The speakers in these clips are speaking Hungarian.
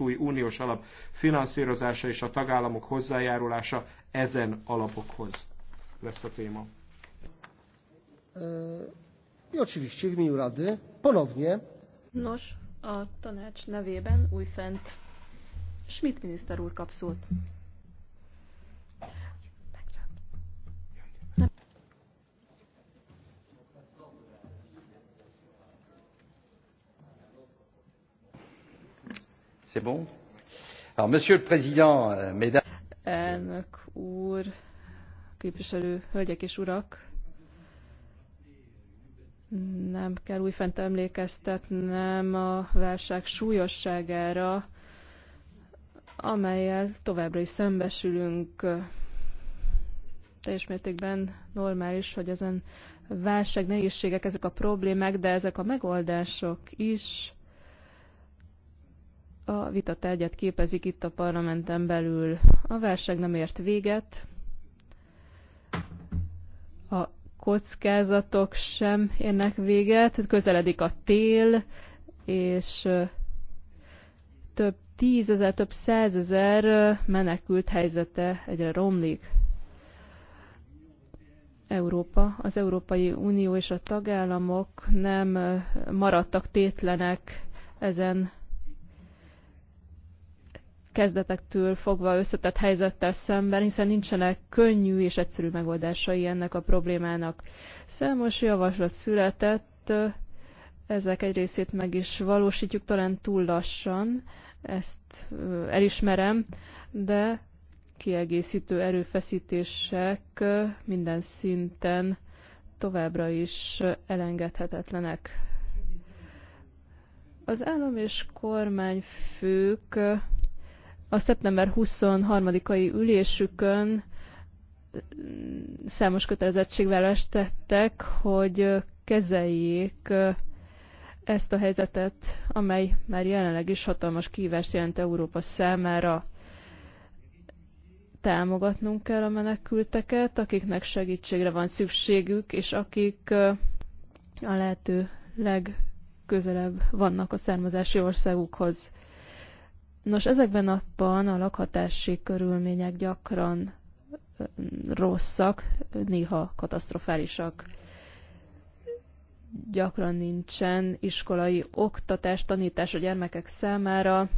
új uniós alap finanszírozása és a tagállamok hozzájárulása ezen alapokhoz lesz a téma. I oczywiście w imieniu Rady ponownie. Nos, a tanács nevében újfent Schmidt miniszter úr kap szót. Monsieur le Président, euh, Mesdames... Elnök úr, képviselő, hölgyek és urak, nem kell újfent emlékeztetnem a válság súlyosságára, amelyel továbbra is szembesülünk. Teljes mértékben normális, hogy ezen válság nehézségek, ezek a problémák, de ezek a megoldások is a vita tárgyat képezik itt a parlamenten belül. A válság nem ért véget, a kockázatok sem érnek véget, közeledik a tél, és több tízezer, több százezer menekült helyzete egyre romlik. Európa, az Európai Unió és a tagállamok nem maradtak tétlenek ezen kezdetektől fogva összetett helyzettel szemben, hiszen nincsenek könnyű és egyszerű megoldásai ennek a problémának. Számos javaslat született, ezek egy részét meg is valósítjuk, talán túl lassan, ezt elismerem, de kiegészítő erőfeszítések minden szinten továbbra is elengedhetetlenek. Az állam és kormányfők a szeptember 23-ai ülésükön mm, számos kötelezettségvállalást tettek, hogy kezeljék ezt a helyzetet, amely már jelenleg is hatalmas kihívást jelent Európa számára. Támogatnunk kell a menekülteket, akiknek segítségre van szükségük, és akik a lehető legközelebb vannak a származási országukhoz. Nos, ezekben a a lakhatási körülmények gyakran rosszak, néha katasztrofálisak. Gyakran nincsen iskolai oktatás, tanítás a gyermekek számára,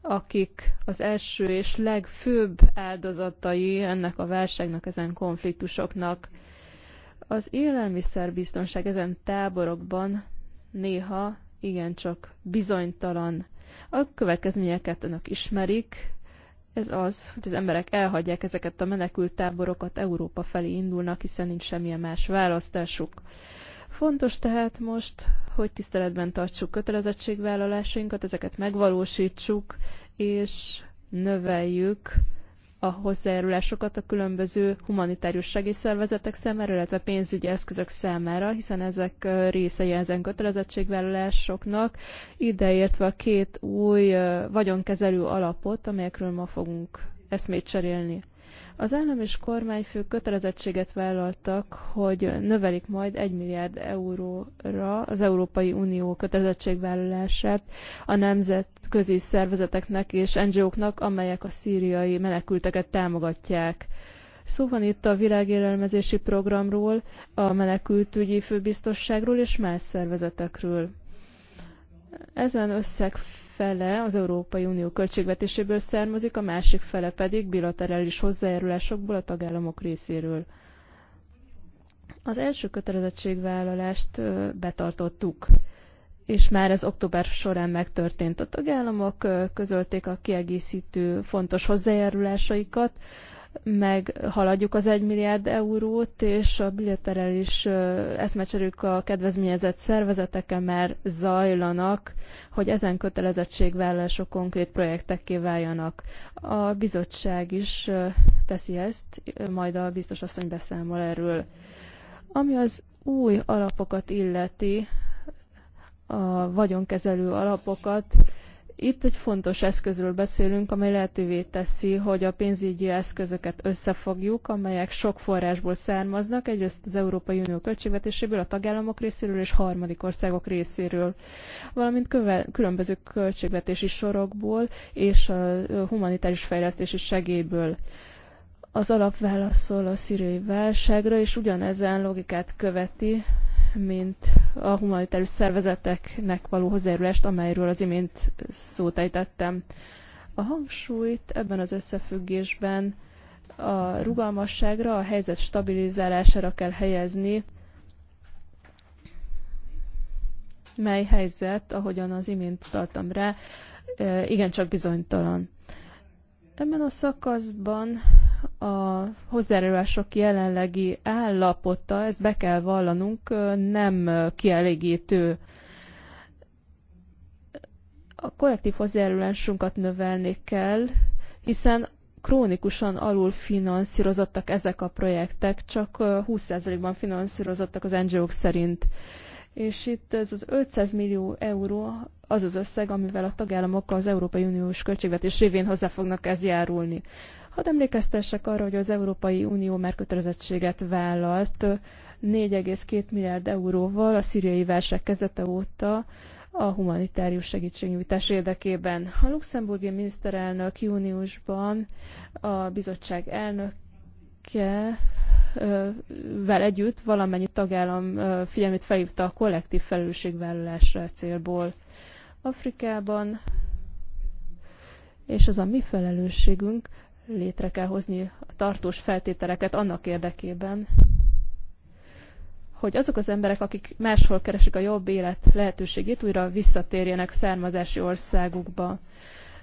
akik az első és legfőbb áldozatai ennek a válságnak, ezen konfliktusoknak. Az élelmiszerbiztonság ezen táborokban néha igencsak bizonytalan a következményeket önök ismerik, ez az, hogy az emberek elhagyják ezeket a menekült táborokat, Európa felé indulnak, hiszen nincs semmilyen más választásuk. Fontos tehát most, hogy tiszteletben tartsuk kötelezettségvállalásainkat, ezeket megvalósítsuk, és növeljük a hozzájárulásokat a különböző humanitárius segélyszervezetek számára, illetve pénzügyi eszközök számára, hiszen ezek részei ezen kötelezettségvállalásoknak, ideértve a két új vagyonkezelő alapot, amelyekről ma fogunk eszmét cserélni. Az állam és kormányfő kötelezettséget vállaltak, hogy növelik majd 1 milliárd euróra az Európai Unió kötelezettségvállalását a nemzetközi szervezeteknek és NGO-knak, amelyek a szíriai menekülteket támogatják. Szó van itt a világélelmezési programról, a menekültügyi főbiztosságról és más szervezetekről. Ezen összeg fele az Európai Unió költségvetéséből származik, a másik fele pedig bilaterális hozzájárulásokból a tagállamok részéről. Az első kötelezettségvállalást betartottuk, és már ez október során megtörtént. A tagállamok közölték a kiegészítő fontos hozzájárulásaikat, meghaladjuk az 1 milliárd eurót, és a bilaterális eszmecserük a kedvezményezett szervezeteke már zajlanak, hogy ezen kötelezettségvállalások konkrét projektekké váljanak. A bizottság is teszi ezt, majd a biztos asszony beszámol erről. Ami az új alapokat illeti, a vagyonkezelő alapokat, itt egy fontos eszközről beszélünk, amely lehetővé teszi, hogy a pénzügyi eszközöket összefogjuk, amelyek sok forrásból származnak, egyrészt az Európai Unió költségvetéséből, a tagállamok részéről és harmadik országok részéről, valamint különböző költségvetési sorokból és a humanitárius fejlesztési segélyből az alapválaszol a szíriai válságra, és ugyanezen logikát követi, mint a humanitárius szervezeteknek való hozzájárulást, amelyről az imént szót ejtettem. A hangsúlyt ebben az összefüggésben a rugalmasságra, a helyzet stabilizálására kell helyezni, mely helyzet, ahogyan az imént utaltam rá, igencsak bizonytalan. Ebben a szakaszban a hozzájárulások jelenlegi állapota, ezt be kell vallanunk, nem kielégítő. A kollektív hozzájárulásunkat növelni kell, hiszen krónikusan alul finanszírozottak ezek a projektek, csak 20%-ban finanszírozottak az NGO-k szerint. És itt ez az 500 millió euró az az összeg, amivel a tagállamok az Európai Uniós költségvetés révén hozzá fognak ez járulni. Hadd emlékeztessek arra, hogy az Európai Unió megkötelezettséget vállalt 4,2 milliárd euróval a szíriai válság kezdete óta a humanitárius segítségnyújtás érdekében. A luxemburgi miniszterelnök júniusban a bizottság elnöke vel együtt valamennyi tagállam figyelmét felhívta a kollektív felelősségvállalásra célból. Afrikában, és az a mi felelősségünk, létre kell hozni a tartós feltételeket annak érdekében, hogy azok az emberek, akik máshol keresik a jobb élet lehetőségét, újra visszatérjenek származási országukba.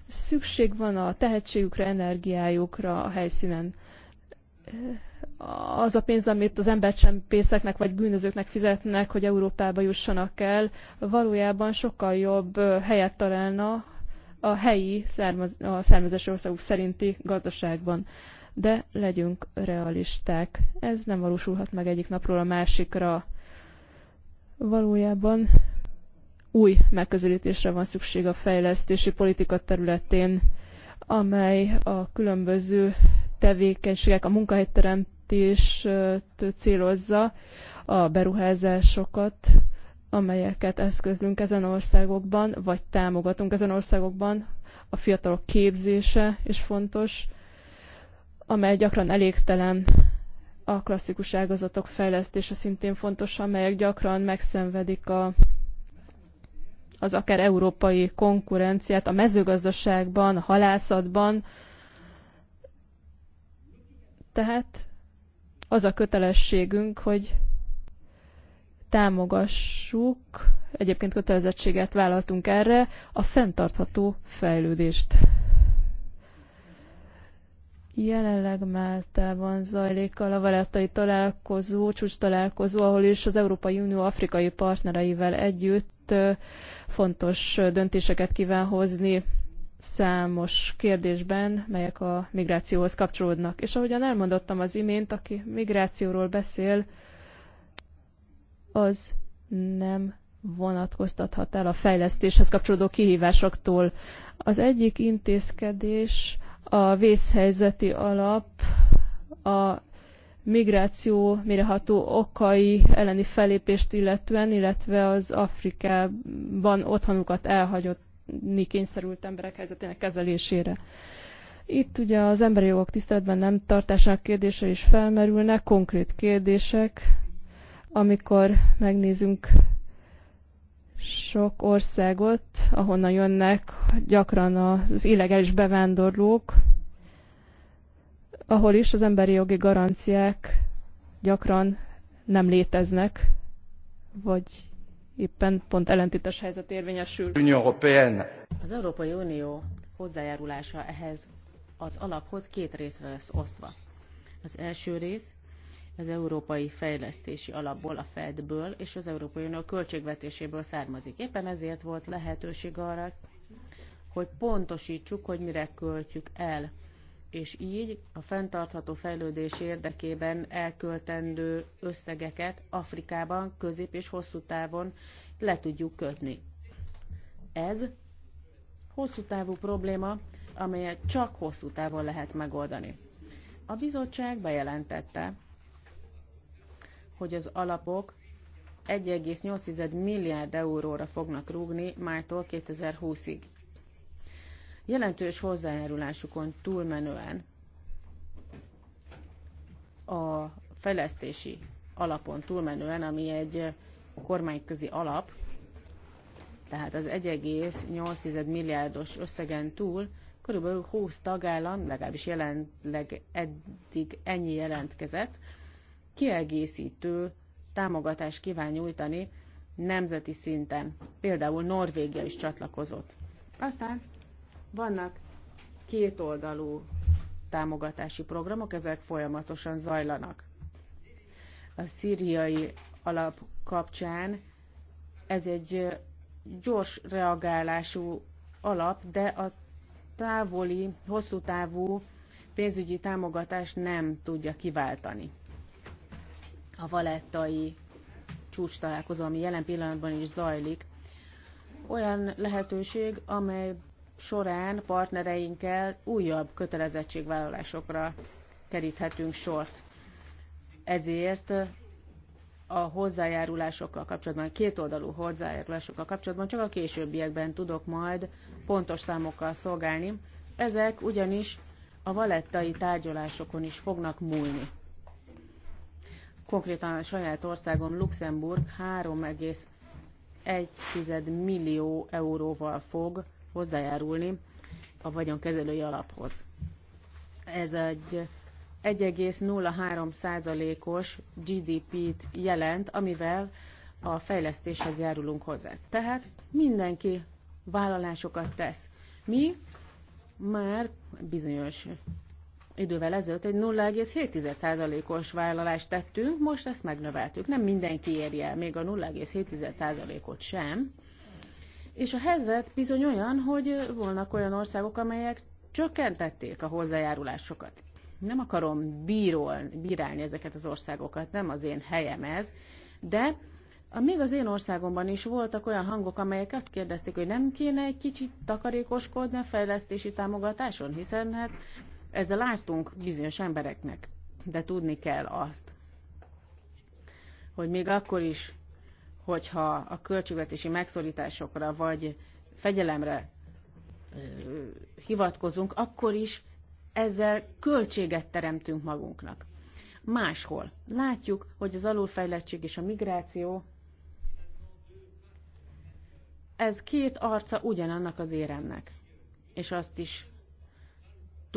Szükség van a tehetségükre, energiájukra a helyszínen. Az a pénz, amit az embercsempészeknek vagy bűnözőknek fizetnek, hogy Európába jussanak el, valójában sokkal jobb helyet találna a helyi származ, a származás országok szerinti gazdaságban. De legyünk realisták. Ez nem valósulhat meg egyik napról a másikra. Valójában új megközelítésre van szükség a fejlesztési politika területén, amely a különböző tevékenységek, a munkahelyteremtést célozza, a beruházásokat, amelyeket eszközlünk ezen országokban, vagy támogatunk ezen országokban. A fiatalok képzése is fontos, amely gyakran elégtelen a klasszikus ágazatok fejlesztése szintén fontos, amelyek gyakran megszenvedik a, az akár európai konkurenciát a mezőgazdaságban, a halászatban. Tehát az a kötelességünk, hogy támogassuk, egyébként kötelezettséget vállaltunk erre, a fenntartható fejlődést. Jelenleg Máltában zajlik a lavalettai találkozó, csúcs találkozó, ahol is az Európai Unió afrikai partnereivel együtt fontos döntéseket kíván hozni számos kérdésben, melyek a migrációhoz kapcsolódnak. És ahogyan elmondottam az imént, aki migrációról beszél, az nem vonatkoztathat el a fejlesztéshez kapcsolódó kihívásoktól. Az egyik intézkedés a vészhelyzeti alap a migráció mireható okai elleni felépést illetően, illetve az Afrikában otthonukat elhagyott kényszerült emberek helyzetének kezelésére. Itt ugye az emberi jogok tiszteletben nem tartásának kérdése is felmerülnek, konkrét kérdések, amikor megnézünk sok országot, ahonnan jönnek gyakran az illegális bevándorlók, ahol is az emberi jogi garanciák gyakran nem léteznek, vagy éppen pont ellentétes helyzet érvényesül. Az Európai Unió hozzájárulása ehhez az alaphoz két részre lesz osztva. Az első rész az Európai Fejlesztési Alapból, a Fedből és az Európai Unió költségvetéséből származik. Éppen ezért volt lehetőség arra, hogy pontosítsuk, hogy mire költjük el, és így a fenntartható fejlődés érdekében elköltendő összegeket Afrikában közép és hosszú távon le tudjuk kötni. Ez hosszú távú probléma, amelyet csak hosszú távon lehet megoldani. A bizottság bejelentette, hogy az alapok 1,8 milliárd euróra fognak rúgni mártól 2020-ig. Jelentős hozzájárulásukon túlmenően a fejlesztési alapon túlmenően, ami egy kormányközi alap, tehát az 1,8 milliárdos összegen túl körülbelül 20 tagállam, legalábbis jelenleg eddig ennyi jelentkezett, kiegészítő támogatást kíván nyújtani nemzeti szinten. Például Norvégia is csatlakozott. Aztán vannak kétoldalú támogatási programok, ezek folyamatosan zajlanak. A szíriai alap kapcsán ez egy gyors reagálású alap, de a távoli, hosszú távú pénzügyi támogatást nem tudja kiváltani a valettai csúcs találkozó, ami jelen pillanatban is zajlik, olyan lehetőség, amely során partnereinkkel újabb kötelezettségvállalásokra keríthetünk sort. Ezért a hozzájárulásokkal kapcsolatban, kétoldalú hozzájárulásokkal kapcsolatban csak a későbbiekben tudok majd pontos számokkal szolgálni. Ezek ugyanis a valettai tárgyalásokon is fognak múlni. Konkrétan a saját országom Luxemburg 3,1 millió euróval fog hozzájárulni a vagyonkezelői alaphoz. Ez egy 1,03%-os GDP-t jelent, amivel a fejlesztéshez járulunk hozzá. Tehát mindenki vállalásokat tesz. Mi már bizonyos idővel ezelőtt egy 0,7%-os vállalást tettünk, most ezt megnöveltük. Nem mindenki érje el, még a 0,7%-ot sem. És a helyzet bizony olyan, hogy volnak olyan országok, amelyek csökkentették a hozzájárulásokat. Nem akarom bírol, bírálni ezeket az országokat, nem az én helyem ez, de még az én országomban is voltak olyan hangok, amelyek azt kérdezték, hogy nem kéne egy kicsit takarékoskodni a fejlesztési támogatáson, hiszen hát ezzel ártunk bizonyos embereknek, de tudni kell azt, hogy még akkor is, hogyha a költségvetési megszorításokra vagy fegyelemre hivatkozunk, akkor is ezzel költséget teremtünk magunknak. Máshol látjuk, hogy az alulfejlettség és a migráció ez két arca ugyanannak az éremnek. És azt is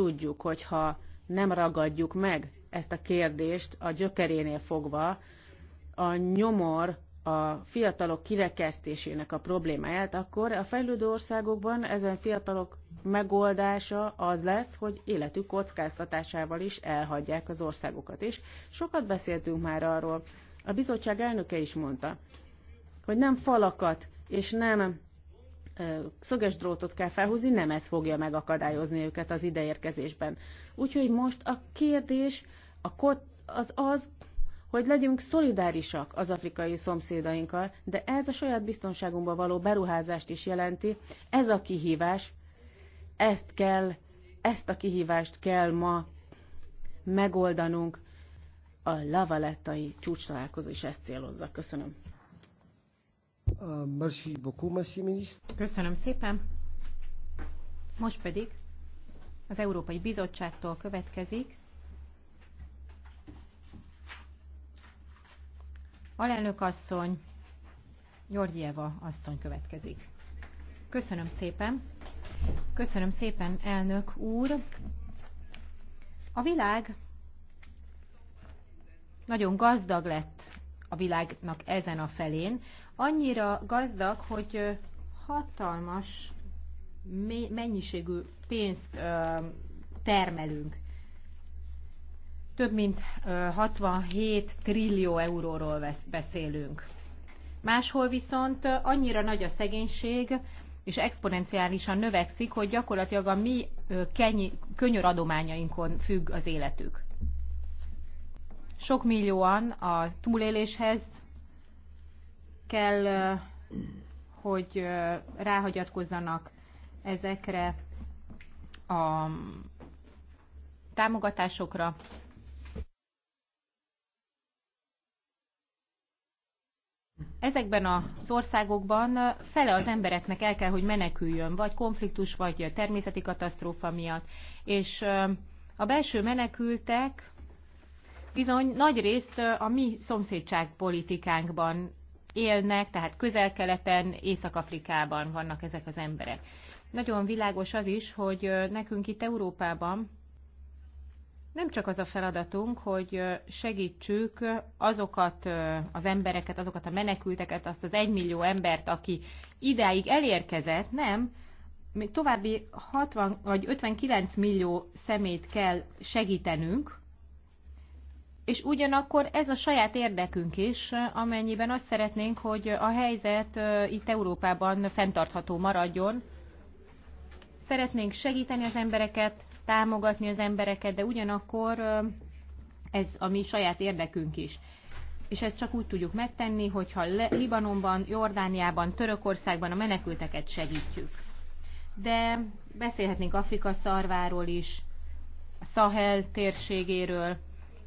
tudjuk, hogyha nem ragadjuk meg ezt a kérdést a gyökerénél fogva, a nyomor a fiatalok kirekesztésének a problémáját, akkor a fejlődő országokban ezen fiatalok megoldása az lesz, hogy életük kockáztatásával is elhagyják az országokat. És sokat beszéltünk már arról, a bizottság elnöke is mondta, hogy nem falakat és nem szöges drótot kell felhúzni, nem ez fogja megakadályozni őket az ideérkezésben. Úgyhogy most a kérdés a kot, az az, hogy legyünk szolidárisak az afrikai szomszédainkkal, de ez a saját biztonságunkba való beruházást is jelenti. Ez a kihívás, ezt kell, ezt a kihívást kell ma megoldanunk. A lavalettai csúcs találkozó is ezt célozza. Köszönöm. Merci beaucoup, merci, ministre. Köszönöm szépen. Most pedig az Európai Bizottságtól következik. Alelnök asszony, Georgieva asszony következik. Köszönöm szépen. Köszönöm szépen, elnök úr. A világ nagyon gazdag lett a világnak ezen a felén annyira gazdag, hogy hatalmas mennyiségű pénzt termelünk. Több mint 67 trillió euróról beszélünk. Máshol viszont annyira nagy a szegénység, és exponenciálisan növekszik, hogy gyakorlatilag a mi adományainkon függ az életük. Sok millióan a túléléshez kell, hogy ráhagyatkozzanak ezekre a mm, támogatásokra. Ezekben az országokban fele az embereknek el kell, hogy meneküljön, vagy konfliktus, vagy természeti katasztrófa miatt. És a belső menekültek bizony nagy részt a mi szomszédságpolitikánkban élnek, tehát közel-keleten, Észak-Afrikában vannak ezek az emberek. Nagyon világos az is, hogy nekünk itt Európában nem csak az a feladatunk, hogy segítsük azokat az embereket, azokat a menekülteket, azt az egymillió embert, aki ideig elérkezett, nem, még további 60 vagy 59 millió szemét kell segítenünk, és ugyanakkor ez a saját érdekünk is, amennyiben azt szeretnénk, hogy a helyzet itt Európában fenntartható maradjon. Szeretnénk segíteni az embereket, támogatni az embereket, de ugyanakkor ez a mi saját érdekünk is. És ezt csak úgy tudjuk megtenni, hogyha Libanonban, Jordániában, Törökországban a menekülteket segítjük. De beszélhetnénk Afrika szarváról is, a Sahel térségéről,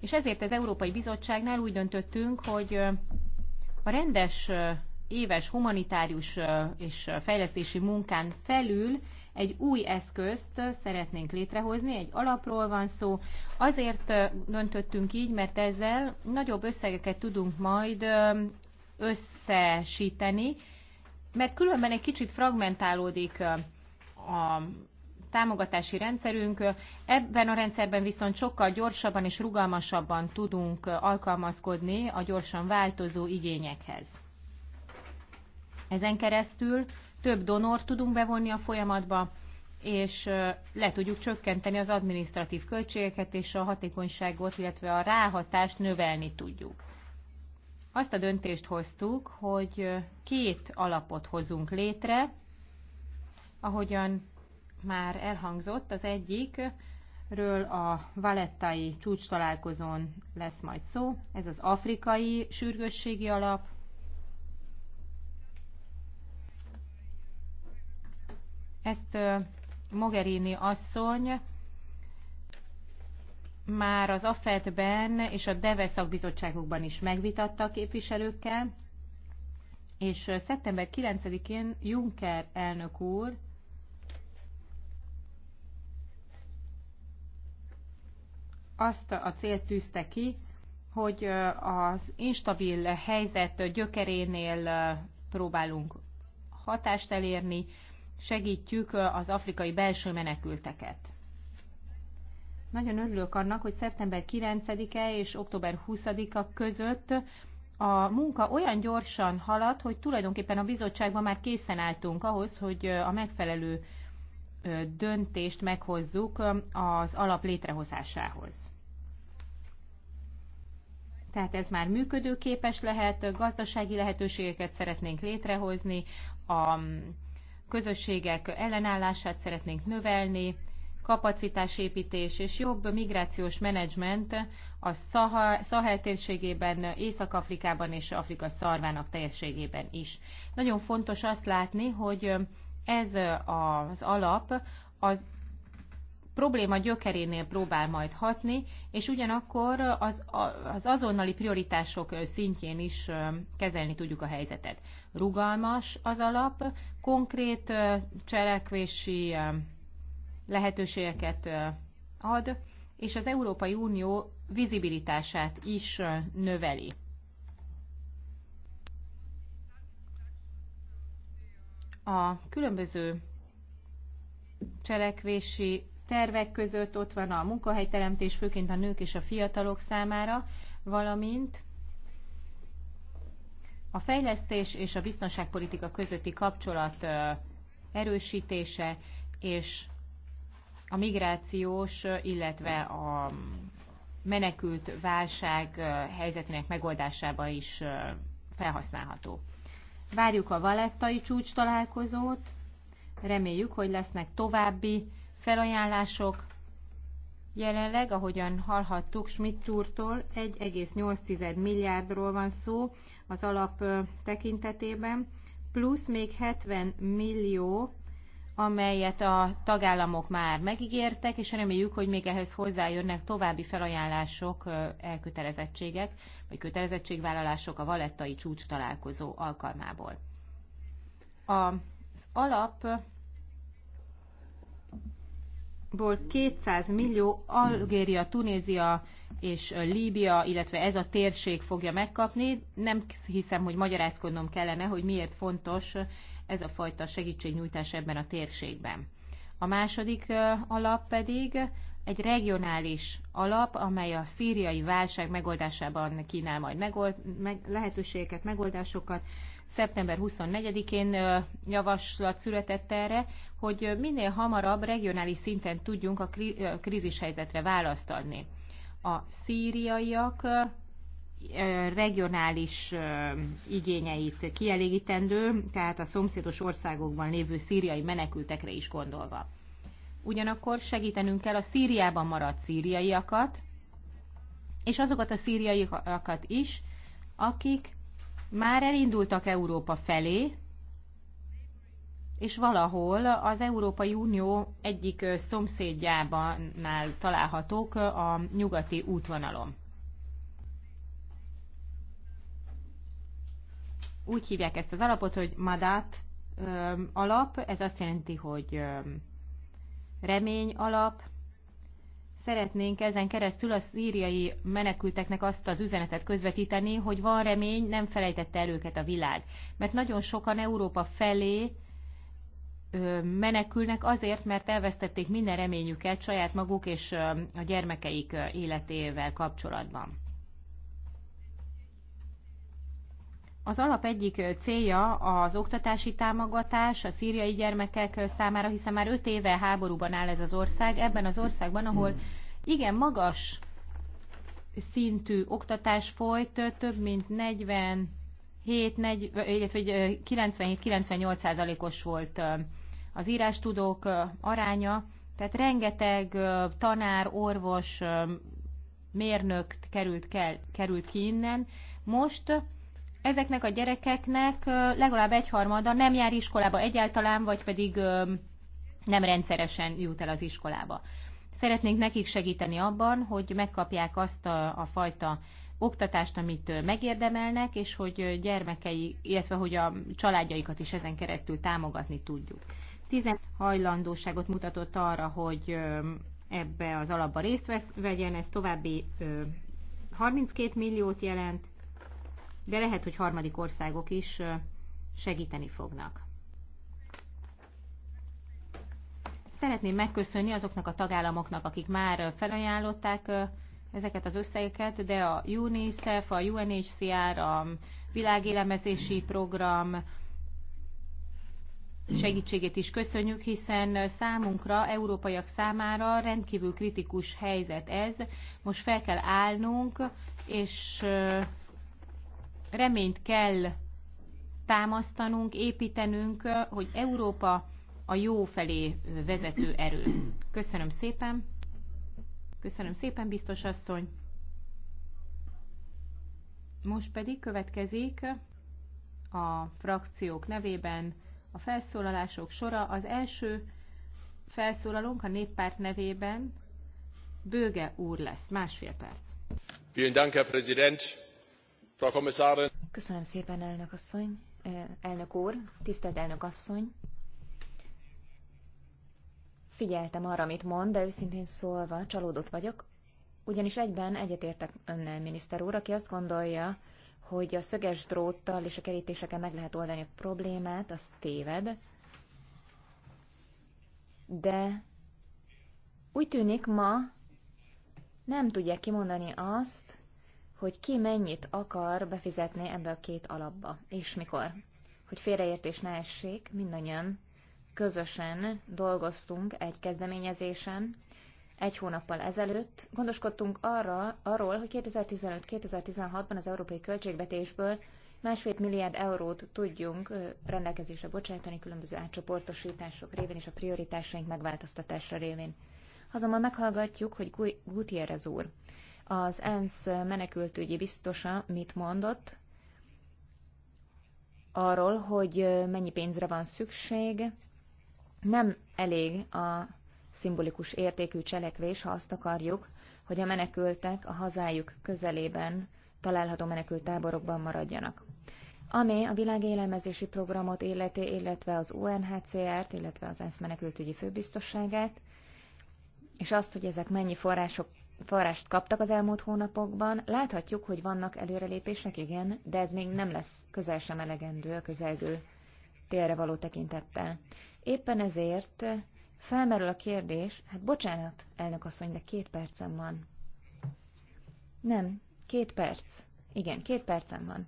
és ezért az Európai Bizottságnál úgy döntöttünk, hogy a rendes éves humanitárius és fejlesztési munkán felül egy új eszközt szeretnénk létrehozni, egy alapról van szó. Azért döntöttünk így, mert ezzel nagyobb összegeket tudunk majd összesíteni, mert különben egy kicsit fragmentálódik a támogatási rendszerünk. Ebben a rendszerben viszont sokkal gyorsabban és rugalmasabban tudunk alkalmazkodni a gyorsan változó igényekhez. Ezen keresztül több donor tudunk bevonni a folyamatba, és le tudjuk csökkenteni az adminisztratív költségeket, és a hatékonyságot, illetve a ráhatást növelni tudjuk. Azt a döntést hoztuk, hogy két alapot hozunk létre, ahogyan már elhangzott, az egyikről a valettai csúcs találkozón lesz majd szó. Ez az afrikai sürgősségi alap. Ezt Mogherini asszony már az AFET-ben és a DEVE szakbizottságokban is megvitatta a képviselőkkel, és szeptember 9-én Juncker elnök úr azt a célt tűzte ki, hogy az instabil helyzet gyökerénél próbálunk hatást elérni, segítjük az afrikai belső menekülteket. Nagyon örülök annak, hogy szeptember 9-e és október 20-a között a munka olyan gyorsan halad, hogy tulajdonképpen a bizottságban már készen álltunk ahhoz, hogy a megfelelő döntést meghozzuk az alap létrehozásához tehát ez már működőképes lehet, gazdasági lehetőségeket szeretnénk létrehozni, a közösségek ellenállását szeretnénk növelni, kapacitásépítés és jobb migrációs menedzsment a Szahel térségében, Észak-Afrikában és Afrika szarvának teljességében is. Nagyon fontos azt látni, hogy ez az alap az probléma gyökerénél próbál majd hatni, és ugyanakkor az, az azonnali prioritások szintjén is kezelni tudjuk a helyzetet. Rugalmas az alap, konkrét cselekvési lehetőségeket ad, és az Európai Unió vizibilitását is növeli. A különböző cselekvési tervek között ott van a munkahelyteremtés, főként a nők és a fiatalok számára, valamint a fejlesztés és a biztonságpolitika közötti kapcsolat erősítése és a migrációs, illetve a menekült válság helyzetének megoldásába is felhasználható. Várjuk a valettai csúcs találkozót, reméljük, hogy lesznek további felajánlások. Jelenleg, ahogyan hallhattuk Schmidt úrtól, 1,8 milliárdról van szó az alap tekintetében, plusz még 70 millió, amelyet a tagállamok már megígértek, és reméljük, hogy még ehhez hozzájönnek további felajánlások, elkötelezettségek, vagy kötelezettségvállalások a valettai csúcs találkozó alkalmából. Az alap ból 200 millió Algéria, Tunézia és Líbia, illetve ez a térség fogja megkapni. Nem hiszem, hogy magyarázkodnom kellene, hogy miért fontos ez a fajta segítségnyújtás ebben a térségben. A második alap pedig egy regionális alap, amely a szíriai válság megoldásában kínál majd megold, meg, lehetőségeket, megoldásokat, szeptember 24-én javaslat született erre, hogy minél hamarabb regionális szinten tudjunk a krízishelyzetre választ adni. A szíriaiak regionális igényeit kielégítendő, tehát a szomszédos országokban lévő szíriai menekültekre is gondolva. Ugyanakkor segítenünk kell a Szíriában maradt szíriaiakat, és azokat a szíriaiakat is, akik már elindultak Európa felé, és valahol az Európai Unió egyik szomszédjában találhatók a nyugati útvonalon. Úgy hívják ezt az alapot, hogy Madát alap, ez azt jelenti, hogy remény alap, Szeretnénk ezen keresztül a szíriai menekülteknek azt az üzenetet közvetíteni, hogy van remény, nem felejtette el őket a világ. Mert nagyon sokan Európa felé menekülnek azért, mert elvesztették minden reményüket saját maguk és a gyermekeik életével kapcsolatban. Az alap egyik célja az oktatási támogatás a szíriai gyermekek számára, hiszen már öt éve háborúban áll ez az ország. Ebben az országban, ahol igen magas szintű oktatás folyt, több mint 47, 97-98 százalékos volt az írástudók aránya, tehát rengeteg tanár, orvos, mérnök került, került ki innen. Most ezeknek a gyerekeknek legalább egyharmada nem jár iskolába egyáltalán, vagy pedig nem rendszeresen jut el az iskolába. Szeretnénk nekik segíteni abban, hogy megkapják azt a, a fajta oktatást, amit megérdemelnek, és hogy gyermekei, illetve hogy a családjaikat is ezen keresztül támogatni tudjuk. Tizen hajlandóságot mutatott arra, hogy ebbe az alapba részt vesz, vegyen, ez további 32 milliót jelent, de lehet, hogy harmadik országok is segíteni fognak. Szeretném megköszönni azoknak a tagállamoknak, akik már felajánlották ezeket az összegeket, de a UNICEF, a UNHCR, a világélemezési program segítségét is köszönjük, hiszen számunkra, európaiak számára rendkívül kritikus helyzet ez. Most fel kell állnunk, és reményt kell támasztanunk, építenünk, hogy Európa a jó felé vezető erő. Köszönöm szépen. Köszönöm szépen, biztos asszony. Most pedig következik a frakciók nevében a felszólalások sora. Az első felszólalónk a néppárt nevében Bőge úr lesz. Másfél perc. Vielen Dank, Herr Präsident. Köszönöm szépen, elnök asszony, elnök úr, tisztelt elnök asszony. Figyeltem arra, amit mond, de őszintén szólva csalódott vagyok, ugyanis egyben egyetértek önnel, miniszter úr, aki azt gondolja, hogy a szöges dróttal és a kerítéseken meg lehet oldani a problémát, az téved. De úgy tűnik ma nem tudják kimondani azt, hogy ki mennyit akar befizetni ebbe a két alapba, és mikor. Hogy félreértés ne essék, mindannyian közösen dolgoztunk egy kezdeményezésen, egy hónappal ezelőtt gondoskodtunk arra, arról, hogy 2015-2016-ban az európai költségvetésből másfél milliárd eurót tudjunk rendelkezésre bocsájtani különböző átcsoportosítások révén és a prioritásaink megváltoztatása révén. Azonban meghallgatjuk, hogy Gutierrez úr az ENSZ menekültügyi biztosa mit mondott arról, hogy mennyi pénzre van szükség. Nem elég a szimbolikus értékű cselekvés, ha azt akarjuk, hogy a menekültek a hazájuk közelében található menekült táborokban maradjanak. Ami a világélelmezési programot illeti, illetve az UNHCR-t, illetve az ENSZ menekültügyi főbiztosságát, és azt, hogy ezek mennyi források forrást kaptak az elmúlt hónapokban. Láthatjuk, hogy vannak előrelépések, igen, de ez még nem lesz közel sem elegendő a közelgő télre való tekintettel. Éppen ezért felmerül a kérdés, hát bocsánat, elnök asszony, de két percem van. Nem, két perc. Igen, két percem van.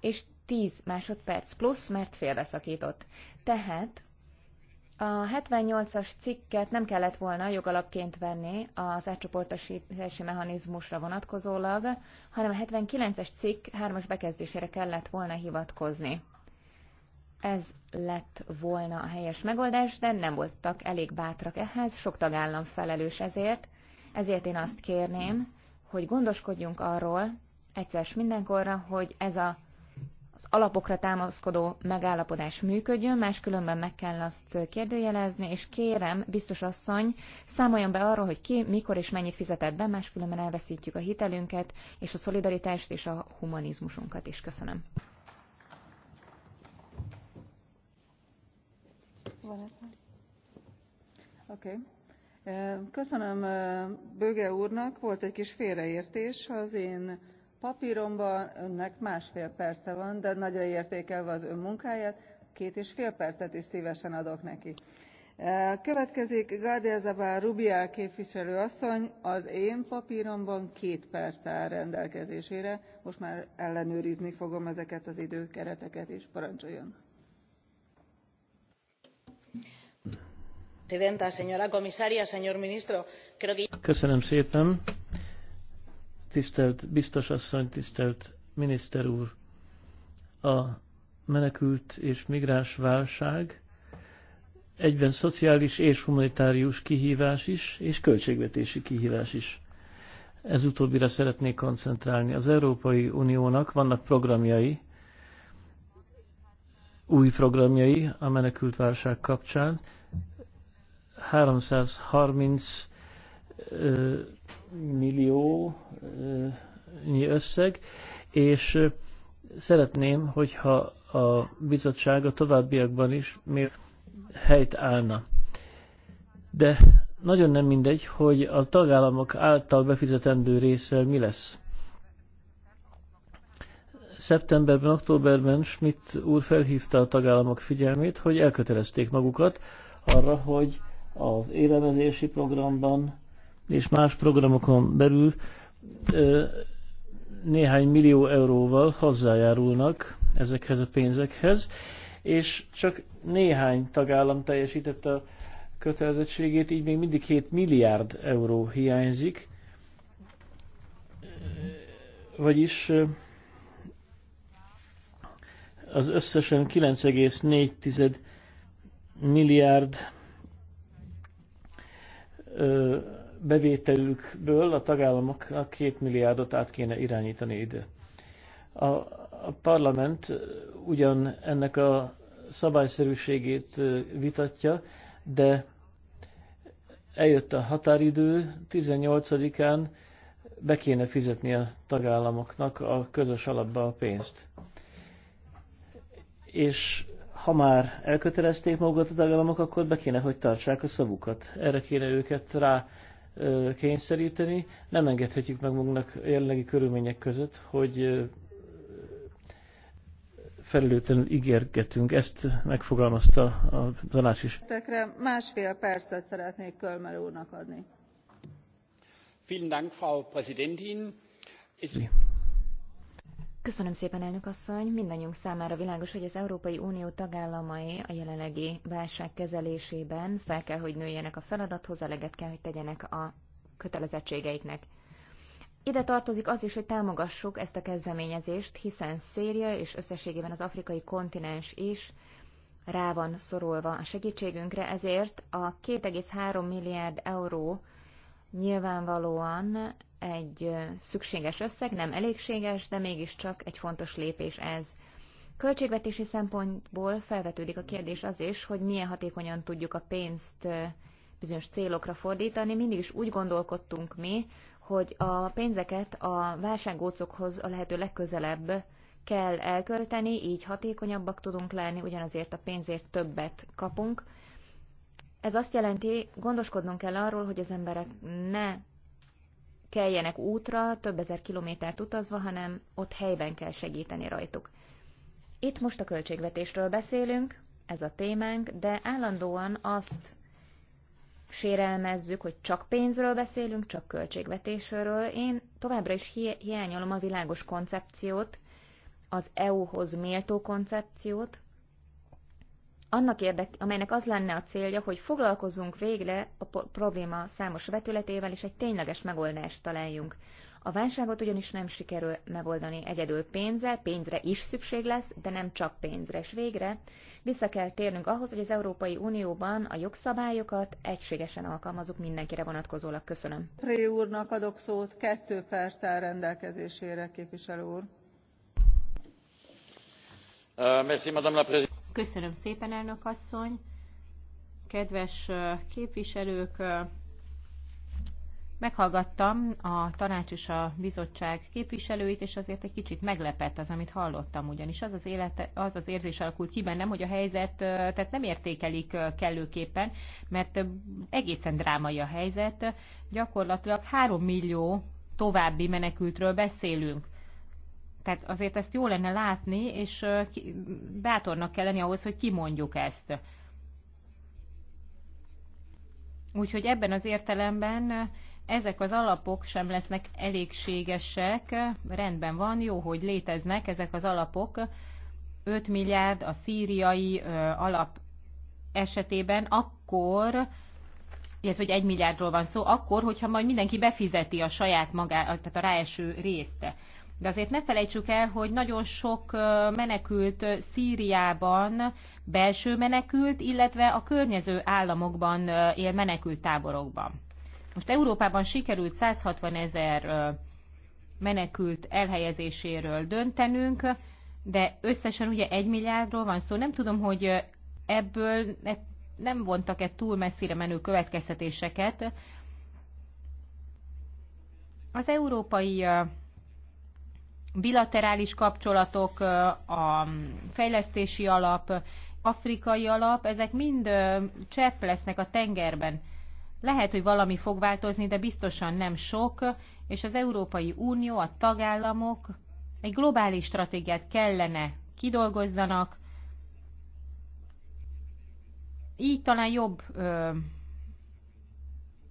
És tíz másodperc plusz, mert félbeszakított. Tehát a 78-as cikket nem kellett volna jogalapként venni az átcsoportosítási mechanizmusra vonatkozólag, hanem a 79-es cikk hármas bekezdésére kellett volna hivatkozni. Ez lett volna a helyes megoldás, de nem voltak elég bátrak ehhez, sok tagállam felelős ezért, ezért én azt kérném, hogy gondoskodjunk arról, egyszer mindenkorra, hogy ez a az alapokra támaszkodó megállapodás működjön, máskülönben meg kell azt kérdőjelezni, és kérem, biztos asszony, számoljon be arról, hogy ki, mikor és mennyit fizetett be, máskülönben elveszítjük a hitelünket, és a szolidaritást és a humanizmusunkat is. Köszönöm. Okay. Köszönöm Böge úrnak, volt egy kis félreértés az én papíromban önnek másfél perce van de nagyra értékelve az ön munkáját két és fél percet is szvesen adok neki. E, következik gardia zabal rubial képviselő asszony az én papromban két perc áll rendelkezésére most már ellenőrizni fogom ezeket az időkereteket is. parancsoljon! Köszönöm szépen! tisztelt biztosasszony, tisztelt miniszter úr, a menekült és migráns válság egyben szociális és humanitárius kihívás is, és költségvetési kihívás is. Ez utóbbira szeretnék koncentrálni. Az Európai Uniónak vannak programjai, új programjai a menekült válság kapcsán. 330 millió összeg, és szeretném, hogyha a bizottság a továbbiakban is még helyt állna. De nagyon nem mindegy, hogy a tagállamok által befizetendő része mi lesz. Szeptemberben, októberben Schmidt úr felhívta a tagállamok figyelmét, hogy elkötelezték magukat arra, hogy az élelmezési programban és más programokon belül néhány millió euróval hozzájárulnak ezekhez a pénzekhez, és csak néhány tagállam teljesítette a kötelezettségét, így még mindig 7 milliárd euró hiányzik, vagyis az összesen 9,4 milliárd bevételükből a tagállamoknak 2 milliárdot át kéne irányítani ide. A, a parlament ugyan ennek a szabályszerűségét vitatja, de eljött a határidő, 18-án be kéne fizetni a tagállamoknak a közös alapba a pénzt. És ha már elkötelezték magukat a tagállamok, akkor be kéne, hogy tartsák a szavukat. Erre kéne őket rá kényszeríteni. Nem engedhetjük meg magunknak jelenlegi körülmények között, hogy felelőtlenül ígérgetünk. Ezt megfogalmazta a tanács is. Másfél percet szeretnék Kölmel úrnak adni. Vielen Dank, Frau Präsidentin. Köszönöm szépen, elnök asszony. Mindannyiunk számára világos, hogy az Európai Unió tagállamai a jelenlegi válság kezelésében fel kell, hogy nőjenek a feladathoz, eleget kell, hogy tegyenek a kötelezettségeiknek. Ide tartozik az is, hogy támogassuk ezt a kezdeményezést, hiszen Széria és összességében az afrikai kontinens is rá van szorulva a segítségünkre, ezért a 2,3 milliárd euró nyilvánvalóan egy szükséges összeg, nem elégséges, de mégiscsak egy fontos lépés ez. Költségvetési szempontból felvetődik a kérdés az is, hogy milyen hatékonyan tudjuk a pénzt bizonyos célokra fordítani. Mindig is úgy gondolkodtunk mi, hogy a pénzeket a válsággócokhoz a lehető legközelebb kell elkölteni, így hatékonyabbak tudunk lenni, ugyanazért a pénzért többet kapunk. Ez azt jelenti, gondoskodnunk kell arról, hogy az emberek ne keljenek útra, több ezer kilométert utazva, hanem ott helyben kell segíteni rajtuk. Itt most a költségvetésről beszélünk, ez a témánk, de állandóan azt sérelmezzük, hogy csak pénzről beszélünk, csak költségvetésről. Én továbbra is hi- hiányolom a világos koncepciót, az EU-hoz méltó koncepciót, annak érdek, amelynek az lenne a célja, hogy foglalkozzunk végre a probléma számos vetületével, és egy tényleges megoldást találjunk. A válságot ugyanis nem sikerül megoldani egyedül pénzzel, pénzre is szükség lesz, de nem csak pénzre, és végre vissza kell térnünk ahhoz, hogy az Európai Unióban a jogszabályokat egységesen alkalmazunk mindenkire vonatkozólag. Köszönöm. Pré úrnak adok szót, kettő perc rendelkezésére, képviselő úr. Uh, merci, madame la Köszönöm szépen, elnök asszony! Kedves képviselők, meghallgattam a tanács és a bizottság képviselőit, és azért egy kicsit meglepett az, amit hallottam, ugyanis az az, élete, az, az érzés alakult ki bennem, hogy a helyzet tehát nem értékelik kellőképpen, mert egészen drámai a helyzet. Gyakorlatilag 3 millió további menekültről beszélünk tehát azért ezt jó lenne látni, és bátornak kell lenni ahhoz, hogy kimondjuk ezt. Úgyhogy ebben az értelemben ezek az alapok sem lesznek elégségesek. Rendben van, jó, hogy léteznek ezek az alapok. 5 milliárd a szíriai alap esetében akkor, illetve hogy 1 milliárdról van szó, akkor, hogyha majd mindenki befizeti a saját magát, tehát a ráeső részt. De azért ne felejtsük el, hogy nagyon sok menekült Szíriában belső menekült, illetve a környező államokban él menekült táborokban. Most Európában sikerült 160 ezer menekült elhelyezéséről döntenünk, de összesen ugye egy milliárdról van szó. Nem tudom, hogy ebből nem vontak-e túl messzire menő következtetéseket. Az európai bilaterális kapcsolatok, a fejlesztési alap, afrikai alap, ezek mind csepp lesznek a tengerben. Lehet, hogy valami fog változni, de biztosan nem sok, és az Európai Unió, a tagállamok egy globális stratégiát kellene kidolgozzanak. Így talán jobb ö,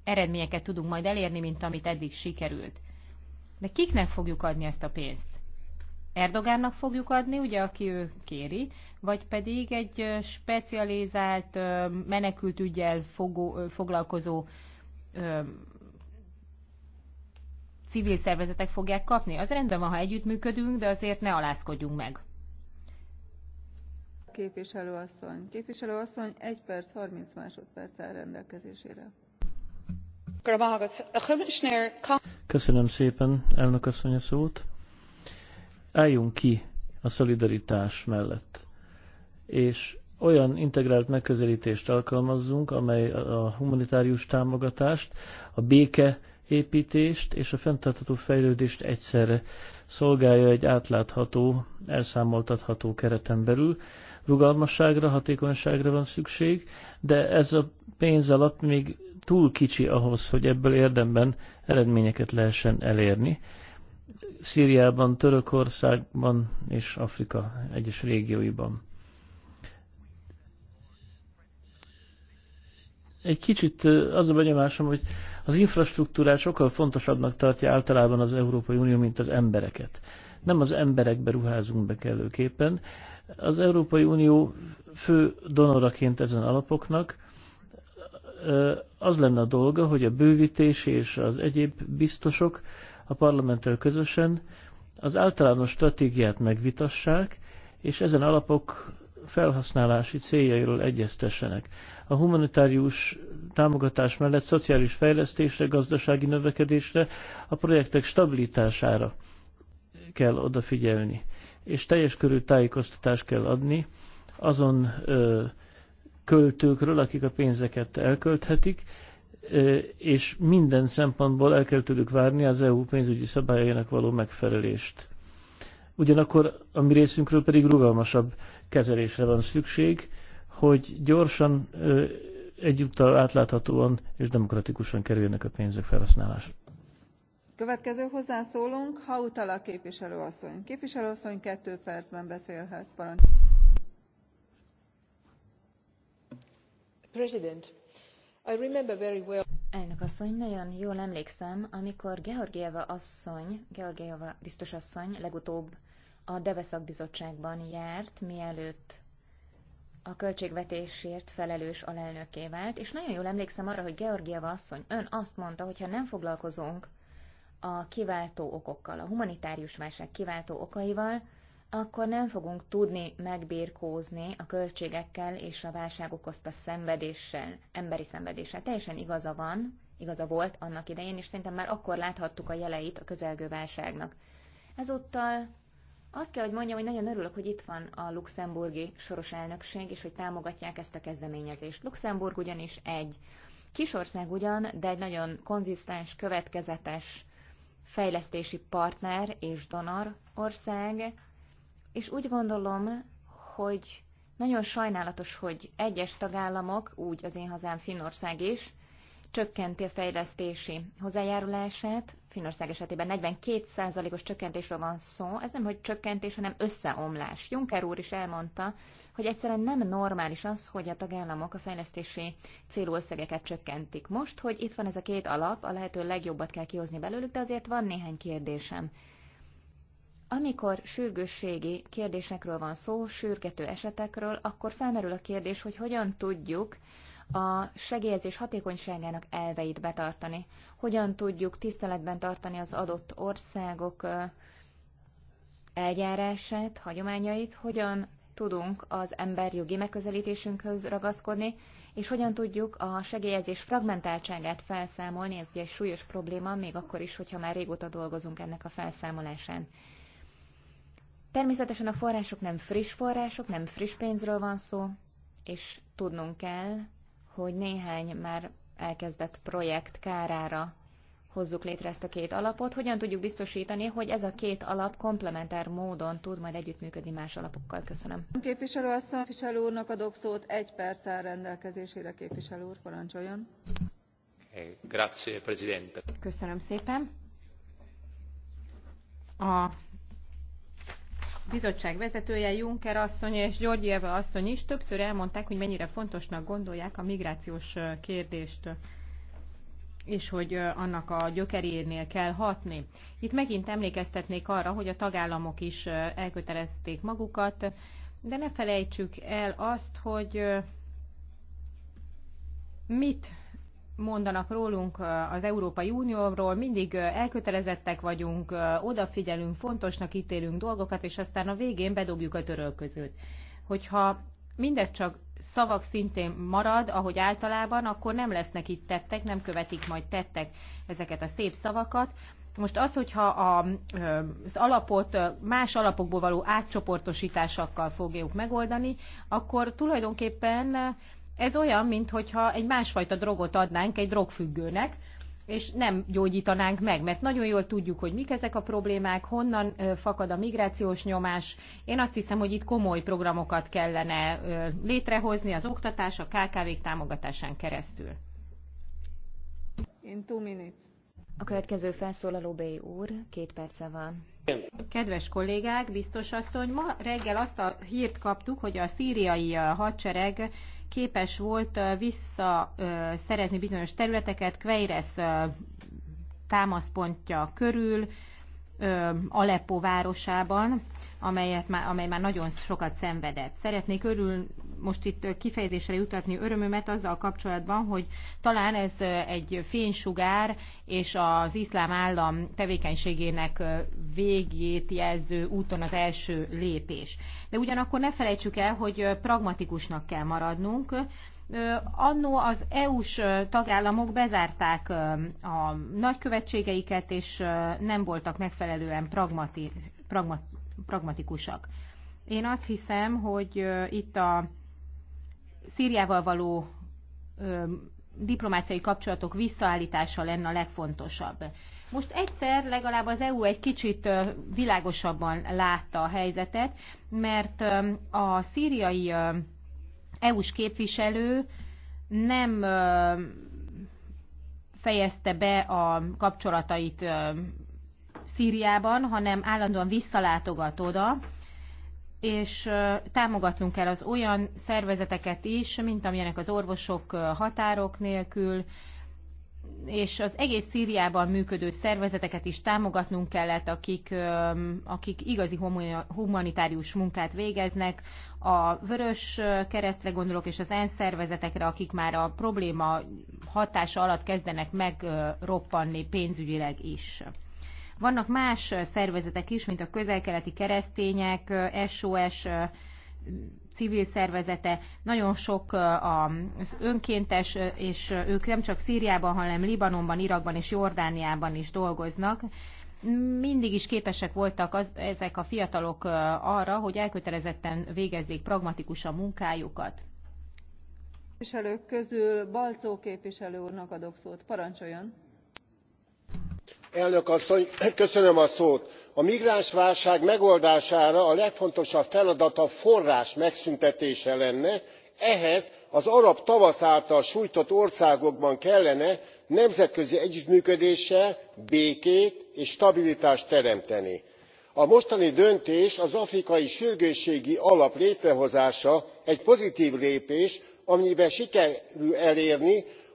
eredményeket tudunk majd elérni, mint amit eddig sikerült. De kiknek fogjuk adni ezt a pénzt? Erdogánnak fogjuk adni, ugye, aki ő kéri, vagy pedig egy specializált menekült ügyel fogó, foglalkozó civil szervezetek fogják kapni. Az rendben van, ha együttműködünk, de azért ne alázkodjunk meg. Képviselőasszony. Képviselőasszony 1 perc 30 másodperc áll rendelkezésére. Köszönöm szépen, elnök asszony a szót álljunk ki a szolidaritás mellett, és olyan integrált megközelítést alkalmazzunk, amely a humanitárius támogatást, a béke építést és a fenntartható fejlődést egyszerre szolgálja egy átlátható, elszámoltatható kereten belül. Rugalmasságra, hatékonyságra van szükség, de ez a pénzalap még túl kicsi ahhoz, hogy ebből érdemben eredményeket lehessen elérni. Szíriában, Törökországban és Afrika egyes régióiban. Egy kicsit az a benyomásom, hogy az infrastruktúrát sokkal fontosabbnak tartja általában az Európai Unió, mint az embereket. Nem az emberekbe ruházunk be kellőképpen. Az Európai Unió fő donoraként ezen alapoknak az lenne a dolga, hogy a bővítés és az egyéb biztosok a parlamenttel közösen az általános stratégiát megvitassák, és ezen alapok felhasználási céljairól egyeztessenek. A humanitárius támogatás mellett szociális fejlesztésre, gazdasági növekedésre, a projektek stabilitására kell odafigyelni, és teljes körű tájékoztatást kell adni azon ö, költőkről, akik a pénzeket elkölthetik, és minden szempontból el kell tőlük várni az EU pénzügyi szabályainak való megfelelést. Ugyanakkor a mi részünkről pedig rugalmasabb kezelésre van szükség, hogy gyorsan, egyúttal átláthatóan és demokratikusan kerüljenek a pénzek felhasználásra. Következő hozzászólunk, Hautala képviselőasszony. Képviselőasszony kettő percben beszélhet. Parancs. President, Elnök asszony, nagyon jól emlékszem, amikor Georgieva asszony, Georgieva biztos asszony legutóbb a Deveszak bizottságban járt, mielőtt a költségvetésért felelős alelnöké vált, és nagyon jól emlékszem arra, hogy Georgieva asszony ön azt mondta, hogy ha nem foglalkozunk a kiváltó okokkal, a humanitárius válság kiváltó okaival, akkor nem fogunk tudni megbírkózni a költségekkel és a válság okozta szenvedéssel, emberi szenvedéssel. Teljesen igaza van, igaza volt annak idején, és szerintem már akkor láthattuk a jeleit a közelgő válságnak. Ezúttal azt kell, hogy mondjam, hogy nagyon örülök, hogy itt van a luxemburgi soros elnökség, és hogy támogatják ezt a kezdeményezést. Luxemburg ugyanis egy kisország ugyan, de egy nagyon konzisztens, következetes fejlesztési partner és donor ország, és úgy gondolom, hogy nagyon sajnálatos, hogy egyes tagállamok, úgy az én hazám Finnország is, csökkenti a fejlesztési hozzájárulását. Finnország esetében 42%-os csökkentésről van szó. Ez nem hogy csökkentés, hanem összeomlás. Juncker úr is elmondta, hogy egyszerűen nem normális az, hogy a tagállamok a fejlesztési célú összegeket csökkentik. Most, hogy itt van ez a két alap, a lehető legjobbat kell kihozni belőlük, de azért van néhány kérdésem. Amikor sürgősségi kérdésekről van szó, sürgető esetekről, akkor felmerül a kérdés, hogy hogyan tudjuk a segélyezés hatékonyságának elveit betartani. Hogyan tudjuk tiszteletben tartani az adott országok eljárását, hagyományait, hogyan tudunk az emberjogi megközelítésünkhöz ragaszkodni, és hogyan tudjuk a segélyezés fragmentáltságát felszámolni, ez ugye egy súlyos probléma, még akkor is, hogyha már régóta dolgozunk ennek a felszámolásán. Természetesen a források nem friss források, nem friss pénzről van szó, és tudnunk kell, hogy néhány már elkezdett projekt kárára hozzuk létre ezt a két alapot. Hogyan tudjuk biztosítani, hogy ez a két alap komplementár módon tud majd együttműködni más alapokkal? Köszönöm. Képviselő asszony, képviselő úrnak adok szót, egy perc áll rendelkezésére képviselő úr, parancsoljon. Grazie, Presidente. Köszönöm szépen. A bizottság vezetője, Juncker asszony és Eva asszony is többször elmondták, hogy mennyire fontosnak gondolják a migrációs kérdést és hogy annak a gyökerénél kell hatni. Itt megint emlékeztetnék arra, hogy a tagállamok is elkötelezték magukat, de ne felejtsük el azt, hogy mit mondanak rólunk az Európai Unióról, mindig elkötelezettek vagyunk, odafigyelünk, fontosnak ítélünk dolgokat, és aztán a végén bedobjuk a törölközőt. Hogyha mindez csak szavak szintén marad, ahogy általában, akkor nem lesznek itt tettek, nem követik majd tettek ezeket a szép szavakat. Most az, hogyha az alapot más alapokból való átcsoportosításakkal fogjuk megoldani, akkor tulajdonképpen ez olyan, mintha egy másfajta drogot adnánk egy drogfüggőnek, és nem gyógyítanánk meg, mert nagyon jól tudjuk, hogy mik ezek a problémák, honnan fakad a migrációs nyomás. Én azt hiszem, hogy itt komoly programokat kellene létrehozni az oktatás, a KKV-k támogatásán keresztül. In two minutes. A következő felszólaló B. úr, két perce van. Kedves kollégák, biztos asszony, ma reggel azt a hírt kaptuk, hogy a szíriai hadsereg képes volt visszaszerezni bizonyos területeket, Kveires támaszpontja körül, Aleppo városában, amelyet már, amely már nagyon sokat szenvedett. Szeretnék örül most itt kifejezésre jutatni örömömet azzal kapcsolatban, hogy talán ez egy fénysugár és az iszlám állam tevékenységének végét jelző úton az első lépés. De ugyanakkor ne felejtsük el, hogy pragmatikusnak kell maradnunk, Annó az EU-s tagállamok bezárták a nagykövetségeiket, és nem voltak megfelelően pragmati, pragmatikus pragmatikusak. Én azt hiszem, hogy itt a Szíriával való diplomáciai kapcsolatok visszaállítása lenne a legfontosabb. Most egyszer legalább az EU egy kicsit világosabban látta a helyzetet, mert a szíriai EU-s képviselő nem fejezte be a kapcsolatait Szíriában, hanem állandóan visszalátogat oda, és támogatnunk kell az olyan szervezeteket is, mint amilyenek az orvosok határok nélkül, és az egész Szíriában működő szervezeteket is támogatnunk kellett, akik, akik igazi humanitárius munkát végeznek. A Vörös Keresztre gondolok, és az ENSZ szervezetekre, akik már a probléma hatása alatt kezdenek megroppanni pénzügyileg is. Vannak más szervezetek is, mint a közelkeleti keresztények, SOS civil szervezete, nagyon sok az önkéntes, és ők nem csak Szíriában, hanem Libanonban, Irakban és Jordániában is dolgoznak. Mindig is képesek voltak az, ezek a fiatalok arra, hogy elkötelezetten végezzék pragmatikusan munkájukat. Képviselők közül Balcó képviselő úrnak adok szót. Parancsoljon! elnök asszony a migránsválság megoldására a legfontosabb feladat a forrás megszüntetése lenne ehhez az arab tavasz által sújtott országokban kellene nemzetközi együttműködéssel békét és stabilitást teremteni. a mostani döntés az afrikai sürgősségi alap létrehozása egy pozitv lépés amennyiben sikerül elérni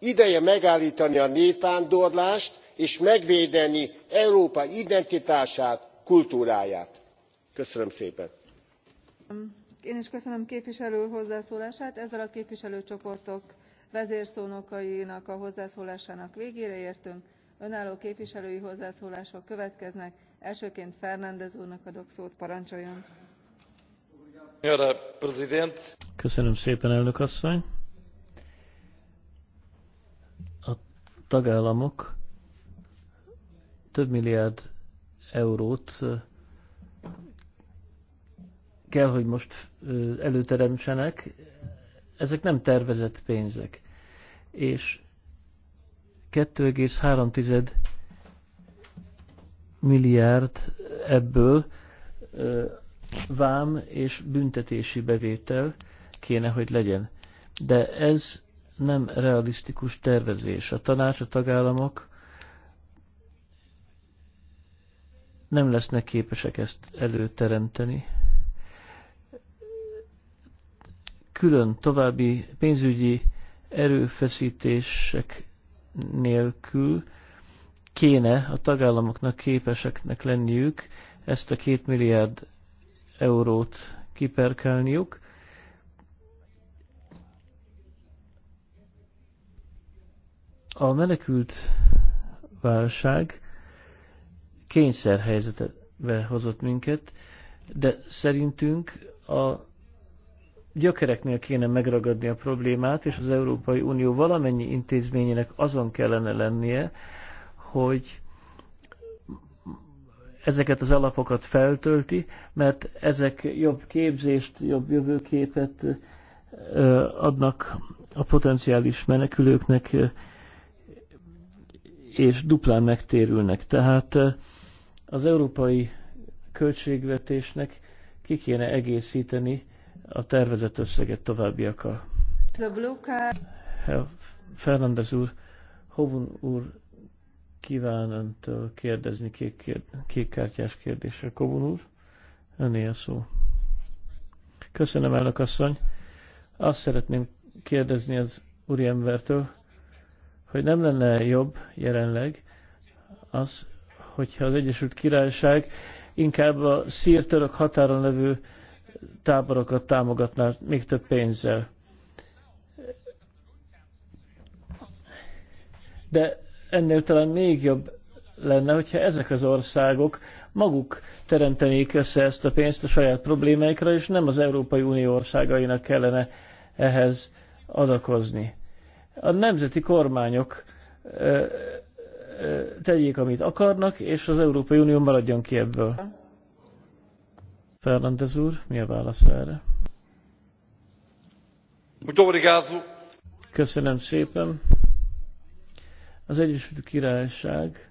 ideje megálltani a népvándorlást és megvédeni európa identitását kultúráját. köszönöm szépen! én is köszönöm képviselő úr hozzászólását ezzel a képviselőcsoportok vezérszónokainak a hozzászólásának végére értünk önálló képviselői hozzászólások következnek elsőként fernandes úrnak adok szót parancsoljon! köszönöm szépen tagállamok több milliárd eurót kell, hogy most előteremtsenek. Ezek nem tervezett pénzek. És 2,3 milliárd ebből vám és büntetési bevétel kéne, hogy legyen. De ez nem realisztikus tervezés. A tanács, a tagállamok nem lesznek képesek ezt előteremteni. Külön további pénzügyi erőfeszítések nélkül kéne a tagállamoknak képeseknek lenniük ezt a két milliárd eurót kiperkálniuk, A menekült válság kényszerhelyzetbe hozott minket, de szerintünk a gyökereknél kéne megragadni a problémát, és az Európai Unió valamennyi intézményének azon kellene lennie, hogy ezeket az alapokat feltölti, mert ezek jobb képzést, jobb jövőképet adnak a potenciális menekülőknek, és duplán megtérülnek. Tehát eh, az európai költségvetésnek ki kéne egészíteni a tervezett összeget továbbiakkal. Fernandez úr, Hovun úr kíván öntől kérdezni kék, kér, kártyás kérdésre. Kovun úr, öné a szó. Köszönöm, elnök asszony. Azt szeretném kérdezni az úriembertől, hogy nem lenne jobb jelenleg az, hogyha az Egyesült Királyság inkább a szírtörök határon levő táborokat támogatná még több pénzzel. De ennél talán még jobb lenne, hogyha ezek az országok maguk teremtenék össze ezt a pénzt a saját problémáikra, és nem az Európai Unió országainak kellene ehhez adakozni a nemzeti kormányok tegyék, amit akarnak, és az Európai Unió maradjon ki ebből. Fernández úr, mi a válasz erre? Köszönöm szépen. Az Egyesült Királyság,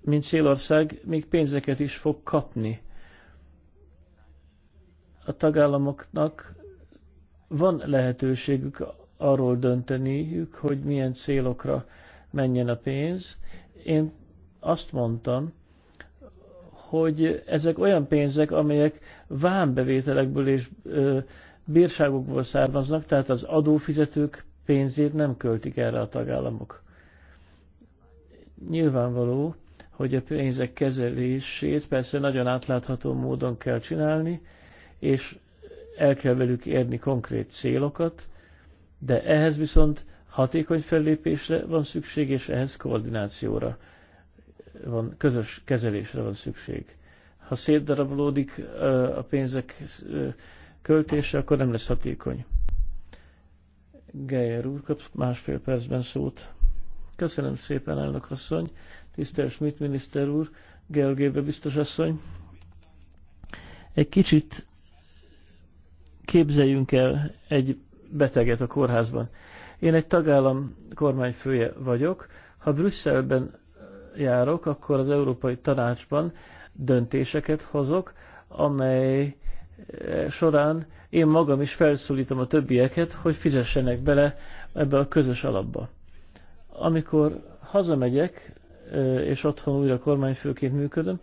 mint célország, még pénzeket is fog kapni. A tagállamoknak van lehetőségük arról dönteniük, hogy milyen célokra menjen a pénz. Én azt mondtam, hogy ezek olyan pénzek, amelyek vámbevételekből és ö, bírságokból származnak, tehát az adófizetők pénzét nem költik erre a tagállamok. Nyilvánvaló, hogy a pénzek kezelését persze nagyon átlátható módon kell csinálni, és el kell velük érni konkrét célokat, de ehhez viszont hatékony fellépésre van szükség, és ehhez koordinációra van, közös kezelésre van szükség. Ha szétdarabolódik a pénzek költése, akkor nem lesz hatékony. Geyer úr kap másfél percben szót. Köszönöm szépen, elnök asszony, tisztelt Schmidt miniszter úr, Georgébe biztos asszony. Egy kicsit Képzeljünk el egy beteget a kórházban. Én egy tagállam kormányfője vagyok. Ha Brüsszelben eh, járok, akkor az Európai Tanácsban döntéseket hozok, amely eh, során én magam is felszólítom a többieket, hogy fizessenek bele ebbe a közös alapba. Amikor hazamegyek, eh, és otthon újra kormányfőként működöm,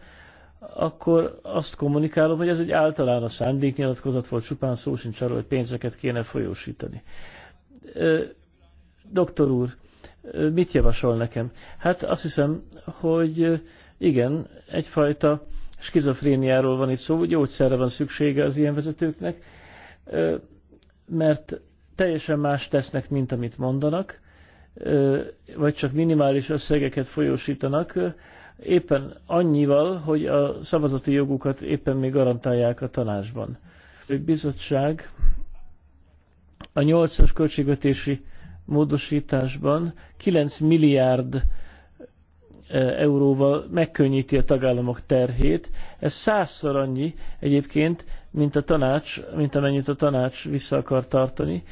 akkor azt kommunikálom, hogy ez egy általános szándéknyilatkozat volt, csupán szó sincs arról, hogy pénzeket kéne folyósítani. Doktor úr, mit javasol nekem? Hát azt hiszem, hogy igen, egyfajta skizofréniáról van itt szó, gyógyszerre van szüksége az ilyen vezetőknek, mert teljesen más tesznek, mint amit mondanak, vagy csak minimális összegeket folyósítanak, éppen annyival, hogy a szavazati jogukat éppen még garantálják a tanácsban. A bizottság a 8-as költségvetési módosításban 9 milliárd e, euróval megkönnyíti a tagállamok terhét. Ez százszor annyi egyébként, mint a tanács, mint amennyit a tanács vissza akar tartani,